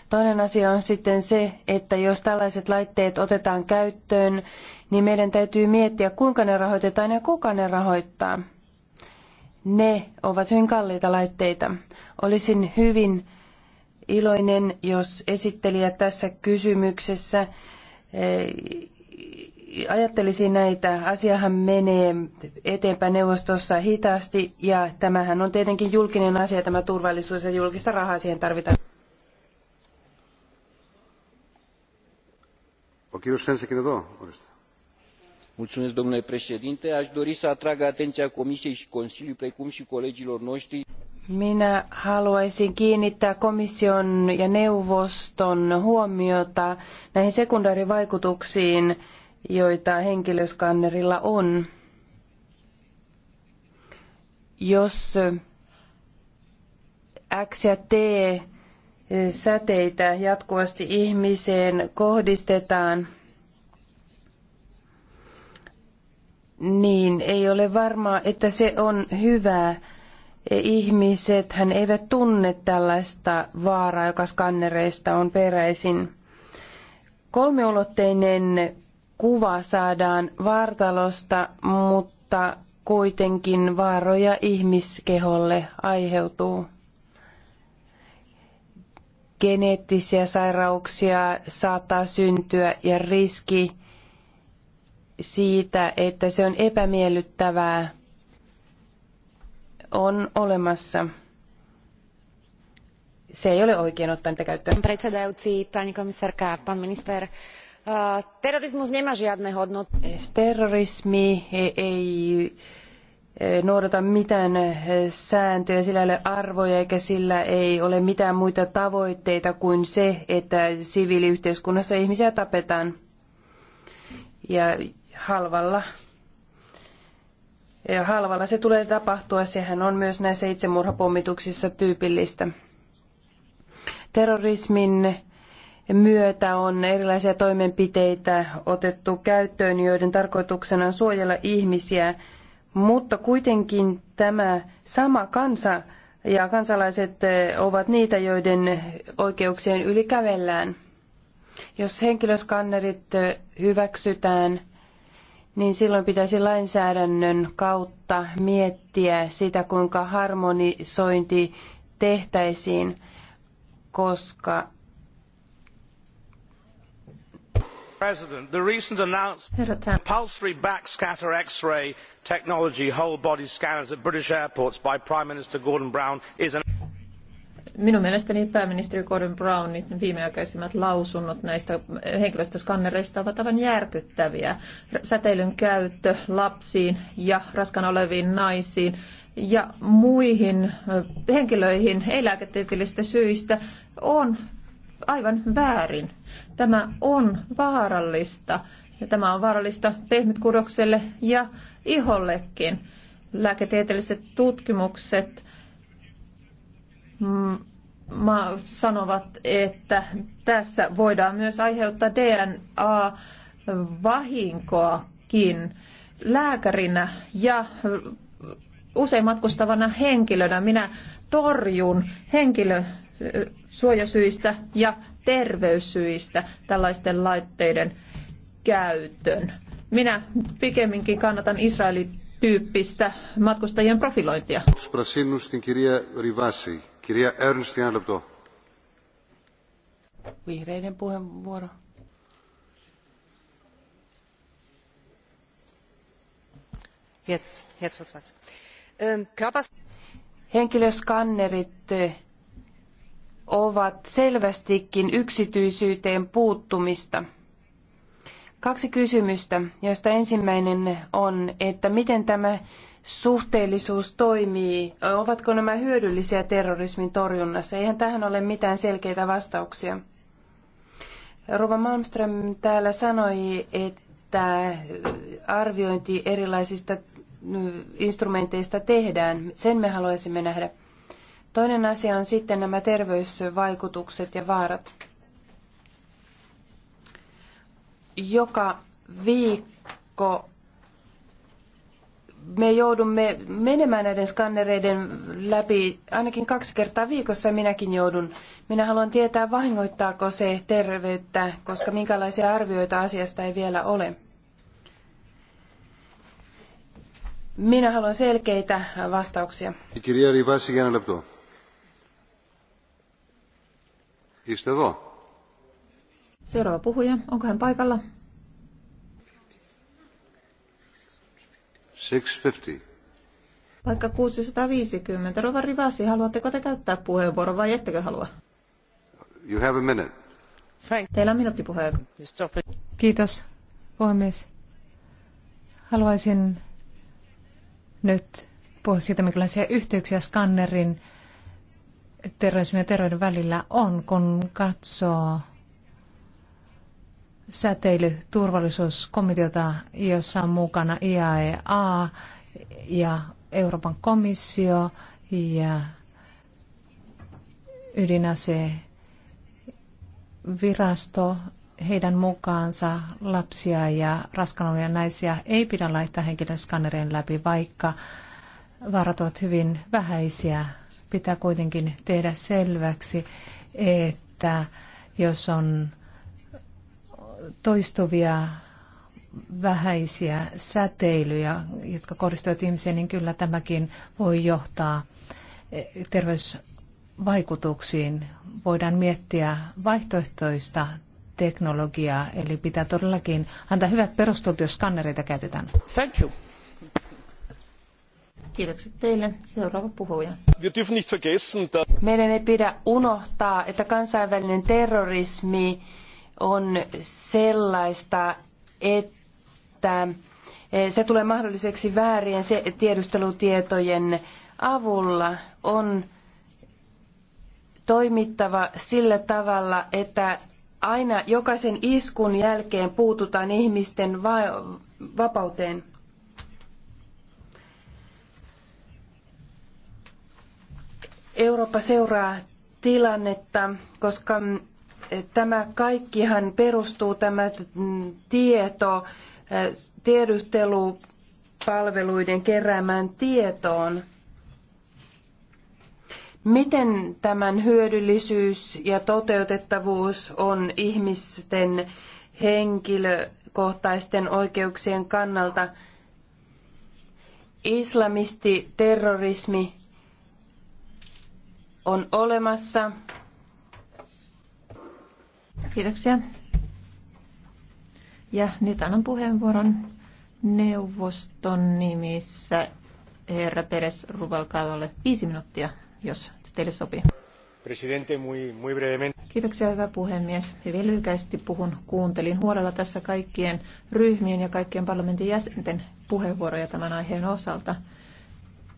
Toinen asia on sitten se, että jos tällaiset laitteet otetaan käyttöön, niin meidän täytyy miettiä, kuinka ne rahoitetaan ja kuka ne rahoittaa. Ne ovat hyvin kalliita laitteita. Olisin hyvin iloinen, jos esittelijä tässä kysymyksessä eh, ajattelisi näitä. Asiahan menee eteenpäin neuvostossa hitaasti ja tämähän on tietenkin julkinen asia, tämä turvallisuus ja julkista rahaa siihen tarvitaan. aș dori să atrag atenția comisiei și consiliului precum și colegilor noștri minä haluaisin kiinnittää komission ja neuvoston huomiota näihin sekundaarivaikutuksiin, joita henkilöskannerilla on. Jos X ja T säteitä jatkuvasti ihmiseen kohdistetaan, niin ei ole varmaa, että se on hyvää ihmiset hän eivät tunne tällaista vaaraa, joka skannereista on peräisin. Kolmiulotteinen kuva saadaan vartalosta, mutta kuitenkin vaaroja ihmiskeholle aiheutuu. Geneettisiä sairauksia saattaa syntyä ja riski siitä, että se on epämiellyttävää on olemassa. Se ei ole oikein ottaa niitä käyttöön. Predsedajúci, pani komisarka, pan minister. Terrorismus nemá žiadne hodnot. Terrorismi e, ei e, noudata mitään e, sääntöjä, sillä ei ole arvoja eikä sillä ei ole mitään muita tavoitteita kuin se, että siviiliyhteiskunnassa ihmisiä tapetaan ja halvalla ja halvalla se tulee tapahtua, sehän on myös näissä itsemurhapommituksissa tyypillistä. Terrorismin myötä on erilaisia toimenpiteitä otettu käyttöön, joiden tarkoituksena on suojella ihmisiä, mutta kuitenkin tämä sama kansa ja kansalaiset eh, ovat niitä, joiden oikeuksien yli kävellään. Jos henkilöskannerit eh, hyväksytään, niin silloin pitäisi lainsäädännön kautta miettiä sitä, kuinka harmonisointi tehtäisiin, koska President, the recent announcement of compulsory backscatter X-ray technology whole body scanners at British airports by Prime Minister Gordon Brown is an Minun mielestäni pääministeri Gordon Brownin viimeaikaisimmat lausunnot näistä henkilöstöskannereista ovat aivan järkyttäviä. Säteilyn käyttö lapsiin ja raskana oleviin naisiin ja muihin henkilöihin ei-lääketieteellisistä syistä on aivan väärin. Tämä on vaarallista. Ja tämä on vaarallista pehmytkudokselle ja ihollekin. Lääketieteelliset tutkimukset Mm, sanovat, että tässä voidaan myös aiheuttaa DNA-vahinkoakin. Lääkärinä ja usein matkustavana henkilönä minä torjun henkilösuojasyistä ja terveyssyistä tällaisten laitteiden käytön. Minä pikemminkin kannatan Israelin tyyppistä matkustajien profilointia. Kirja Ernst, ένα λεπτό. Vihreiden puheenvuoro. Jetzt, jetzt was was. Ähm, Körpers... Henkilöskannerit äh, ovat selvästikin yksityisyyteen puuttumista. Kaksi kysymystä, joista ensimmäinen on, että miten tämä suhteellisuus toimii? Ovatko nämä hyödyllisiä terrorismin torjunnassa? Eihän tähän ole mitään selkeitä vastauksia. Rova Malmström täällä sanoi, että arviointi erilaisista mm, instrumenteista tehdään. Sen me haluaisimme nähdä. Toinen asia on sitten nämä terveysvaikutukset ja vaarat. Joka viikko me joudumme menemään näiden skannereiden läpi ainakin kaksi kertaa viikossa minäkin joudun. Minä haluan tietää, vahingoittaako se terveyttä, koska minkälaisia arvioita asiasta ei vielä ole. Minä haluan selkeitä vastauksia. Kirja Rivasi, lepto. Seuraava puhuja, onko hän paikalla? 650. Vaikka 650. Rova Rivasi, haluatteko te käyttää puheenvuoron vai ettekö halua? You have a minute. Frank. Teillä on minuutti puheenjohtaja. Kiitos, puhemies. Haluaisin nyt puhua siitä, minkälaisia yhteyksiä skannerin terrorismin ja terveyden välillä on, kun katsoo säteilyturvallisuuskomiteota, jossa on mukana IAEA e ja Euroopan komissio ja ydinase virasto heidän mukaansa lapsia ja raskaana naisia ei pidä laittaa henkilöskannerien läpi, vaikka vaarat ovat hyvin vähäisiä. Pitää kuitenkin tehdä selväksi, että jos on toistuvia vähäisiä säteilyjä, jotka kohdistuvat ihmiseen, niin kyllä tämäkin voi johtaa eh, terveysvaikutuksiin. Voidaan miettiä vaihtoehtoista teknologiaa, eli pitää todellakin antaa hyvät perustelut, jos skannereita käytetään. Thank you. Kiitokset teille. Seuraava puhuja. Meidän ei pidä unohtaa, että kansainvälinen terrorismi on sellaista, että eh, se tulee mahdolliseksi väärien tiedustelutietojen avulla. On toimittava sillä tavalla, että aina jokaisen iskun jälkeen puututaan ihmisten va- vapauteen. Eurooppa seuraa tilannetta, koska Tämä kaikkihan perustuu tämä tieto tiedustelupalveluiden keräämään tietoon. Miten tämän hyödyllisyys ja toteutettavuus on ihmisten henkilökohtaisten oikeuksien kannalta? Islamisti terrorismi on olemassa Kiitoksia. Ja nyt annan puheenvuoron neuvoston nimissä herra Peres Rubalcavalle viisi minuuttia, jos teille sopii. Presidente, muy, muy brevemente. Kiitoksia, hyvä puhemies. Hyvin lyhykäisesti puhun. Kuuntelin huolella tässä kaikkien ryhmien ja kaikkien parlamentin jäsenten puheenvuoroja tämän aiheen osalta.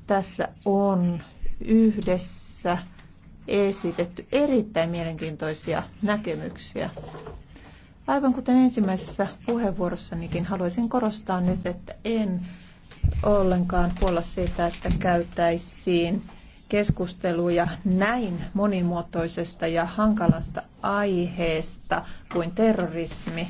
Tässä on yhdessä esitetty erittäin mielenkiintoisia näkemyksiä. Aivan kuten ensimmäisessä puheenvuorossanikin, haluaisin korostaa nyt, että en ollenkaan puolla sitä, että käytäisiin keskusteluja näin monimuotoisesta ja hankalasta aiheesta kuin terrorismi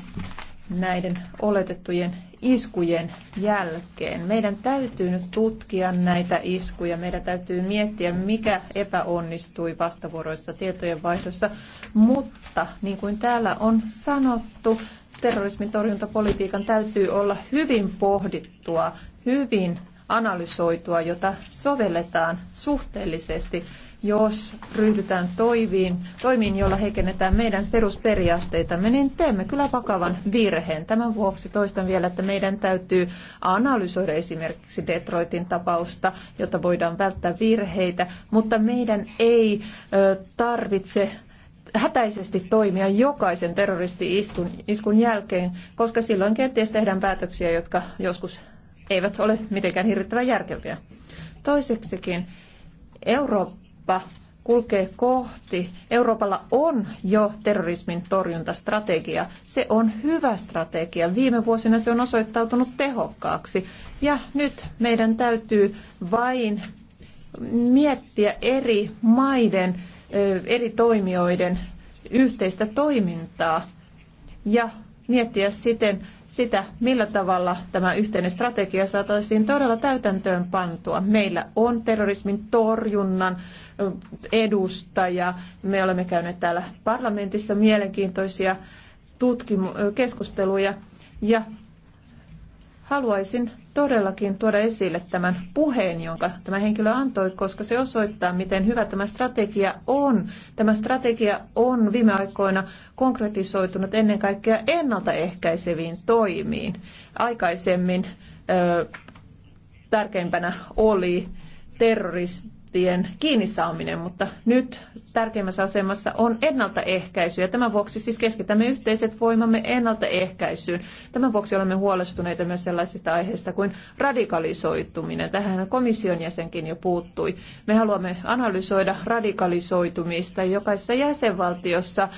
näiden oletettujen iskujen jälkeen. Meidän täytyy nyt tutkia näitä iskuja. Meidän täytyy miettiä, mikä epäonnistui vastavuoroissa tietojenvaihdossa. Mutta niin kuin täällä on sanottu, terrorismin torjuntapolitiikan täytyy olla hyvin pohdittua, hyvin analysoitua, jota sovelletaan suhteellisesti jos ryhdytään toiviin, toimiin, joilla heikennetään meidän perusperiaatteitamme, niin teemme kyllä vakavan virheen. Tämän vuoksi toistan vielä, että meidän täytyy analysoida esimerkiksi Detroitin tapausta, jotta voidaan välttää virheitä, mutta meidän ei tarvitse hätäisesti toimia jokaisen terroristi-iskun iskun jälkeen, koska silloin kenties tehdään päätöksiä, jotka joskus eivät ole mitenkään hirvittävän järkeviä. Toiseksikin Eurooppa Eurooppa kulkee kohti. Euroopalla on jo terrorismin torjuntastrategia. Se on hyvä strategia. Viime vuosina se on osoittautunut tehokkaaksi. Ja nyt meidän täytyy vain miettiä eri maiden, eri toimijoiden yhteistä toimintaa ja miettiä siten, sitä, millä tavalla tämä yhteinen strategia saataisiin todella täytäntöön pantua. Meillä on terrorismin torjunnan edustaja. Me olemme käyneet täällä parlamentissa mielenkiintoisia tutkimu- keskusteluja ja haluaisin todellakin tuoda esille tämän puheen, jonka tämä henkilö antoi, koska se osoittaa, miten hyvä tämä strategia on. Tämä strategia on viime aikoina konkretisoitunut ennen kaikkea ennaltaehkäiseviin toimiin. Aikaisemmin ö, tärkeimpänä oli terrorismi konfliktien kiinni saaminen, mutta nyt tärkeimmässä asemassa on ennaltaehkäisy. Ja tämän vuoksi siis keskitämme yhteiset voimamme ennaltaehkäisyyn. Tämän vuoksi olemme huolestuneita myös sellaisista aiheista kuin radikalisoituminen. Tähän komission jäsenkin jo puuttui. Me haluamme analysoida radikalisoitumista. Jokaisessa jäsenvaltiossa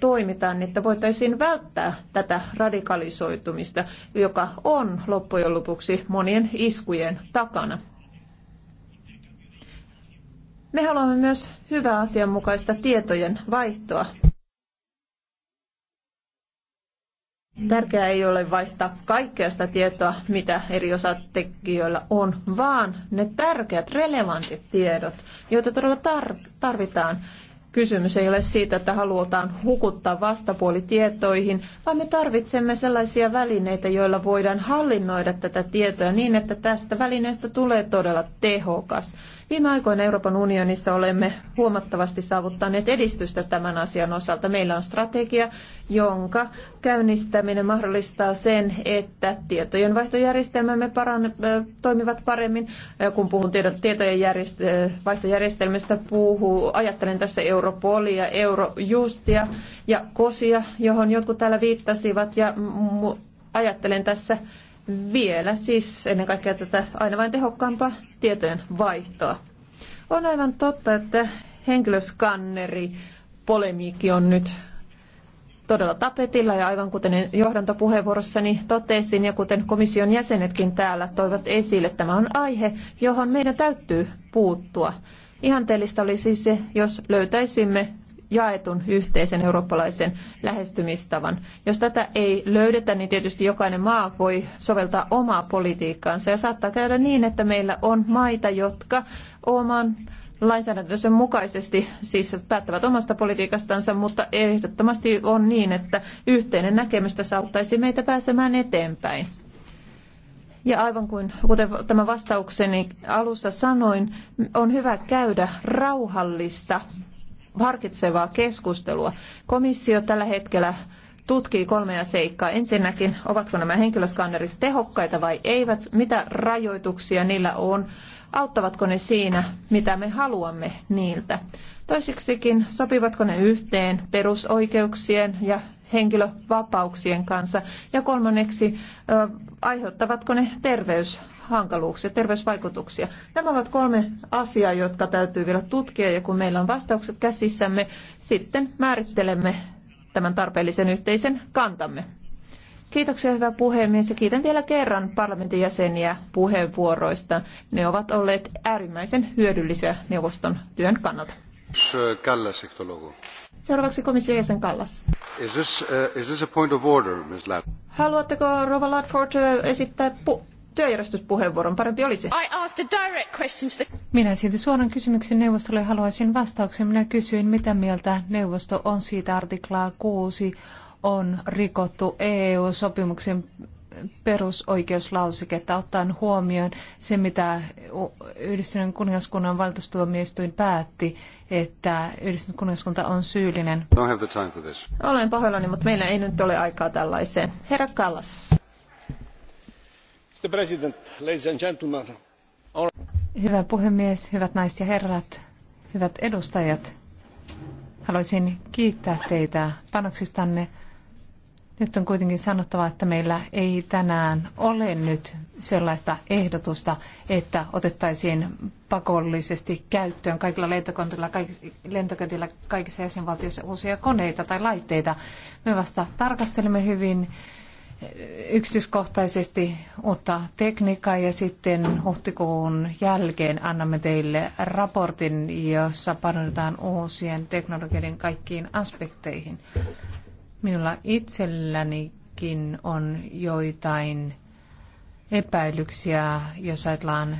toimitaan, että voitaisiin välttää tätä radikalisoitumista, joka on loppujen lopuksi monien iskujen takana. Me haluamme myös hyvää asianmukaista tietojen vaihtoa. Tärkeää ei ole vaihtaa kaikkea sitä tietoa, mitä eri osatekijöillä on, vaan ne tärkeät, relevantit tiedot, joita todella tar- tarvitaan. Kysymys ei ole siitä, että halutaan hukuttaa vastapuoli tietoihin, vaan me tarvitsemme sellaisia välineitä, joilla voidaan hallinnoida tätä tietoa niin, että tästä välineestä tulee todella tehokas. Viime aikoina Euroopan unionissa olemme huomattavasti saavuttaneet edistystä tämän asian osalta. Meillä on strategia, jonka käynnistäminen mahdollistaa sen, että tietojenvaihtojärjestelmämme paran, toimivat paremmin. Kun puhun tietojen vaihtojärjestelmistä, puhuu, ajattelen tässä Europolia, Eurojustia ja Kosia, johon jotkut täällä viittasivat ja ajattelen tässä vielä siis ennen kaikkea tätä aina vain tehokkaampaa tietojen vaihtoa. On aivan totta, että henkilöskanneri polemiikki on nyt todella tapetilla ja aivan kuten johdantopuheenvuorossani totesin ja kuten komission jäsenetkin täällä toivat esille, tämä on aihe, johon meidän täytyy puuttua. Ihanteellista olisi se, jos löytäisimme jaetun yhteisen eurooppalaisen lähestymistavan. Jos tätä ei löydetä, niin tietysti jokainen maa voi soveltaa omaa politiikkaansa ja saattaa käydä niin, että meillä on maita, jotka oman lainsäädäntönsä mukaisesti siis päättävät omasta politiikastansa, mutta ehdottomasti on niin, että yhteinen näkemys tässä auttaisi meitä pääsemään eteenpäin. Ja aivan kuin, kuten tämä vastaukseni alussa sanoin, on hyvä käydä rauhallista harkitsevaa keskustelua. Komissio tällä hetkellä tutkii kolmea seikkaa. Ensinnäkin, ovatko nämä henkilöskannerit tehokkaita vai eivät, mitä rajoituksia niillä on, auttavatko ne siinä, mitä me haluamme niiltä. Toisiksikin, sopivatko ne yhteen perusoikeuksien ja henkilövapauksien kanssa? Ja kolmanneksi, aiheuttavatko ne terveyshankaluuksia, terveysvaikutuksia? Nämä ovat kolme asiaa, jotka täytyy vielä tutkia ja kun meillä on vastaukset käsissämme, sitten määrittelemme tämän tarpeellisen yhteisen kantamme. Kiitoksia hyvä puhemies ja kiitän vielä kerran parlamentin jäseniä puheenvuoroista. Ne ovat olleet äärimmäisen hyödyllisiä neuvoston työn kannalta. Kallas, Seuraavaksi komission jäsen Kallas. Is this, uh, is this a point of order, Ms. Latt? Haluatteko Rova Ladford esittää pu- työjärjestyspuheenvuoron? Parempi olisi. I asked a direct question to the... Minä esitin suoran kysymyksen neuvostolle ja haluaisin vastauksen. Minä kysyin, mitä mieltä neuvosto on siitä artiklaa 6 on rikottu EU-sopimuksen perusoikeuslausiketta ottaen huomioon se, mitä yhdistyneen kuningaskunnan valitustuomioistuin päätti, että yhdistynyt kuningaskunta on syyllinen. Olen pahoillani, mutta meillä ei nyt ole aikaa tällaiseen. Herra Kallas. Mr. President, ladies and gentlemen. Hyvä puhemies, hyvät naiset ja herrat, hyvät edustajat. Haluaisin kiittää teitä panoksistanne nyt on kuitenkin sanottava, että meillä ei tänään ole nyt sellaista ehdotusta, että otettaisiin pakollisesti käyttöön kaikilla lentokentillä, lentokentillä kaikissa jäsenvaltioissa uusia koneita tai laitteita. Me vasta tarkastelemme hyvin yksityiskohtaisesti uutta tekniikkaa ja sitten huhtikuun jälkeen annamme teille raportin, jossa parannetaan uusien teknologioiden kaikkiin aspekteihin. Minulla itsellänikin on joitain epäilyksiä, jos ajatellaan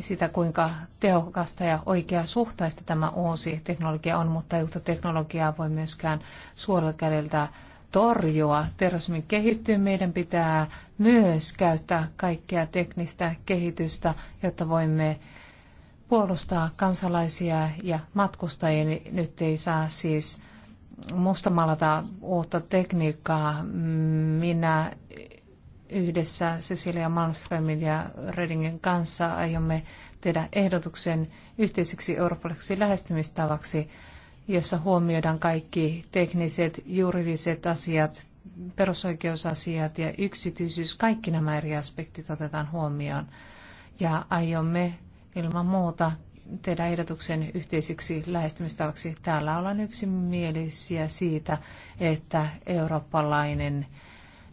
sitä, kuinka tehokasta ja oikea suhtaista tämä uusi teknologia on, mutta uutta teknologiaa voi myöskään suoralla kädeltä torjua. Terrorismin kehittyy, meidän pitää myös käyttää kaikkea teknistä kehitystä, jotta voimme puolustaa kansalaisia ja matkustajia. Nyt ei saa siis mustamalata uutta tekniikkaa. Minä yhdessä Cecilia Malmströmin ja Redingen kanssa aiomme tehdä ehdotuksen yhteiseksi eurooppalaiseksi lähestymistavaksi, jossa huomioidaan kaikki tekniset, juridiset asiat, perusoikeusasiat ja yksityisyys, kaikki nämä eri aspektit otetaan huomioon. Ja aiomme ilman muuta tehdä ehdotuksen yhteisiksi lähestymistavaksi. Täällä ollaan yksimielisiä siitä, että eurooppalainen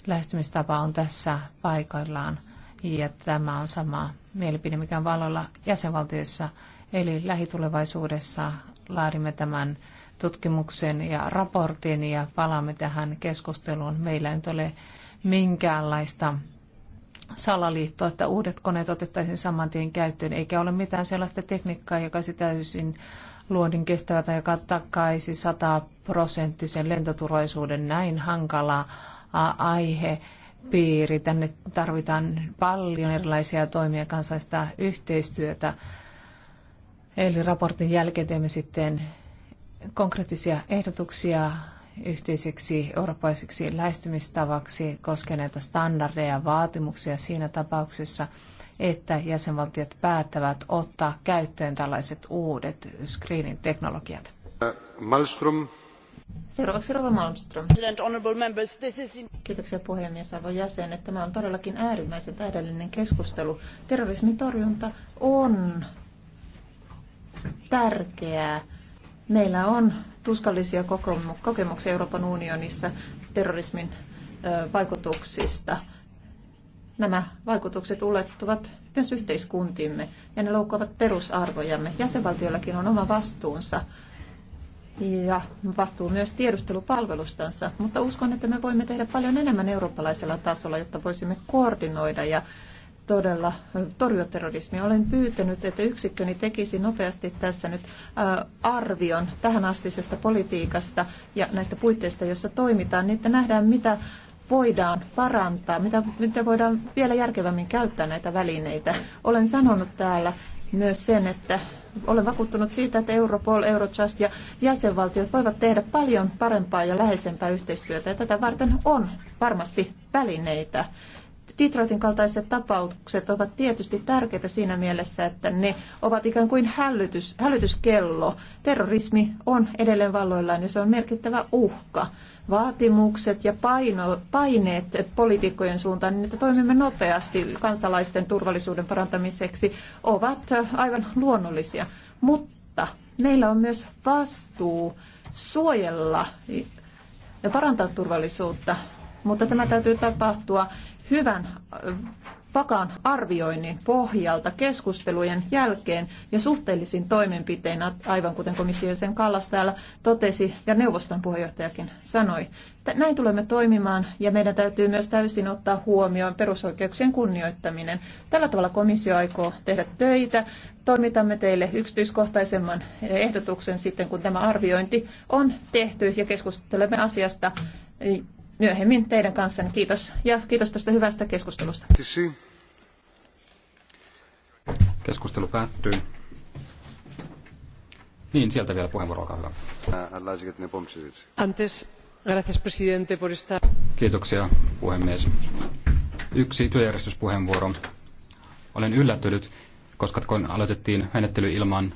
lähestymistapa on tässä paikallaan. Ja tämä on sama mielipide, mikä on valolla jäsenvaltioissa. Eli lähitulevaisuudessa laadimme tämän tutkimuksen ja raportin ja palaamme tähän keskusteluun. Meillä ei ole minkäänlaista salaliitto, että uudet koneet otettaisiin saman tien käyttöön, eikä ole mitään sellaista tekniikkaa, joka olisi täysin luodin kestävä tai joka takaisi sataprosenttisen lentoturvallisuuden näin hankala aihe piiri. Tänne tarvitaan paljon erilaisia toimia kansallista yhteistyötä. Eli raportin jälkeen teemme sitten konkreettisia ehdotuksia yhteiseksi eurooppalaiseksi lähestymistavaksi koskeneita standardeja ja vaatimuksia siinä tapauksessa, että jäsenvaltiot päättävät ottaa käyttöön tällaiset uudet screening-teknologiat. Äh, Malmström. Seuraavaksi Rova Malmström. Kiitoksia puhemies arvon Tämä on todellakin äärimmäisen täydellinen keskustelu. Terrorismin torjunta on tärkeää. Meillä on tuskallisia kokemuksia Euroopan unionissa terrorismin vaikutuksista. Nämä vaikutukset ulottuvat myös yhteiskuntimme ja ne loukkaavat perusarvojamme. Jäsenvaltioillakin on oma vastuunsa ja vastuu myös tiedustelupalvelustansa, mutta uskon, että me voimme tehdä paljon enemmän eurooppalaisella tasolla, jotta voisimme koordinoida ja todella torjua terrorismia. Olen pyytänyt, että yksikköni tekisi nopeasti tässä nyt arvion tähänastisesta politiikasta ja näistä puitteista, joissa toimitaan, niin että nähdään, mitä voidaan parantaa, mitä, mitä voidaan vielä järkevämmin käyttää näitä välineitä. Olen sanonut täällä myös sen, että olen vakuuttunut siitä, että Europol, Eurojust ja jäsenvaltiot voivat tehdä paljon parempaa ja läheisempää yhteistyötä. Ja tätä varten on varmasti välineitä. Detroitin kaltaiset tapaukset ovat tietysti tärkeitä siinä mielessä, että ne ovat ikään kuin hälytys, hälytyskello. Terrorismi on edelleen valloillaan ja se on merkittävä uhka. Vaatimukset ja paino, paineet poliitikkojen suuntaan, niin että toimimme nopeasti kansalaisten turvallisuuden parantamiseksi, ovat aivan luonnollisia. Mutta meillä on myös vastuu suojella ja parantaa turvallisuutta mutta tämä täytyy tapahtua hyvän äh, vakaan arvioinnin pohjalta keskustelujen jälkeen ja suhteellisin toimenpitein, aivan kuten komission sen Kallas täällä totesi ja neuvoston puheenjohtajakin sanoi. Näin tulemme toimimaan ja meidän täytyy myös täysin ottaa huomioon perusoikeuksien kunnioittaminen. Tällä tavalla komissio aikoo tehdä töitä. Toimitamme teille yksityiskohtaisemman ehdotuksen sitten, kun tämä arviointi on tehty ja keskustelemme asiasta myöhemmin teidän kanssanne. Kiitos ja kiitos tästä hyvästä keskustelusta. Keskustelu päättyy. Niin, sieltä vielä puheenvuoro, olkaa hyvä. Antes, Kiitoksia, puhemies. Yksi työjärjestyspuheenvuoro. Olen yllättynyt, koska kun aloitettiin menettely ilman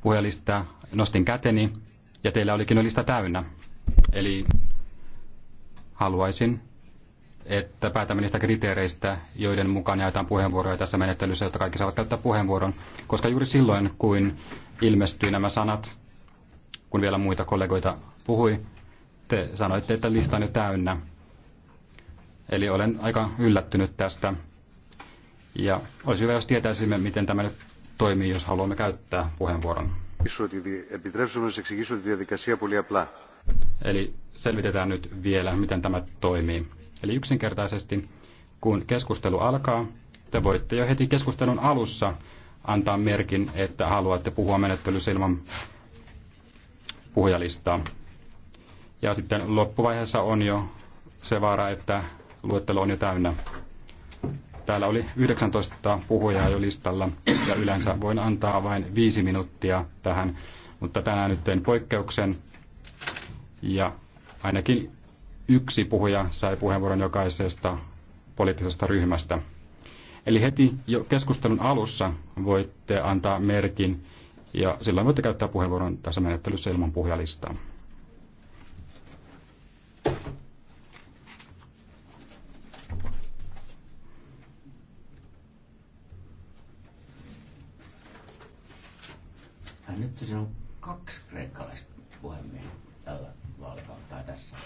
puhelista, nostin käteni ja teillä olikin lista täynnä. Eli haluaisin, että päätämme niistä kriteereistä, joiden mukaan jaetaan puheenvuoroja tässä menettelyssä, jotta kaikki saavat käyttää puheenvuoron. Koska juuri silloin, kun ilmestyi nämä sanat, kun vielä muita kollegoita puhui, te sanoitte, että lista on jo täynnä. Eli olen aika yllättynyt tästä. Ja olisi hyvä, jos tietäisimme, miten tämä nyt toimii, jos haluamme käyttää puheenvuoron. Eli selvitetään nyt vielä, miten tämä toimii. Eli yksinkertaisesti, kun keskustelu alkaa, te voitte jo heti keskustelun alussa antaa merkin, että haluatte puhua menettelyssä ilman puhujalistaa. Ja sitten loppuvaiheessa on jo se vaara, että luettelo on jo täynnä Täällä oli 19 puhujaa jo listalla ja yleensä voin antaa vain viisi minuuttia tähän, mutta tänään nyt teen poikkeuksen ja ainakin yksi puhuja sai puheenvuoron jokaisesta poliittisesta ryhmästä. Eli heti jo keskustelun alussa voitte antaa merkin ja silloin voitte käyttää puheenvuoron tässä menettelyssä ilman puhujalistaa. nyt se on kaksi kreikkalaista puhemiestä tällä vaalikaudella tai tässä.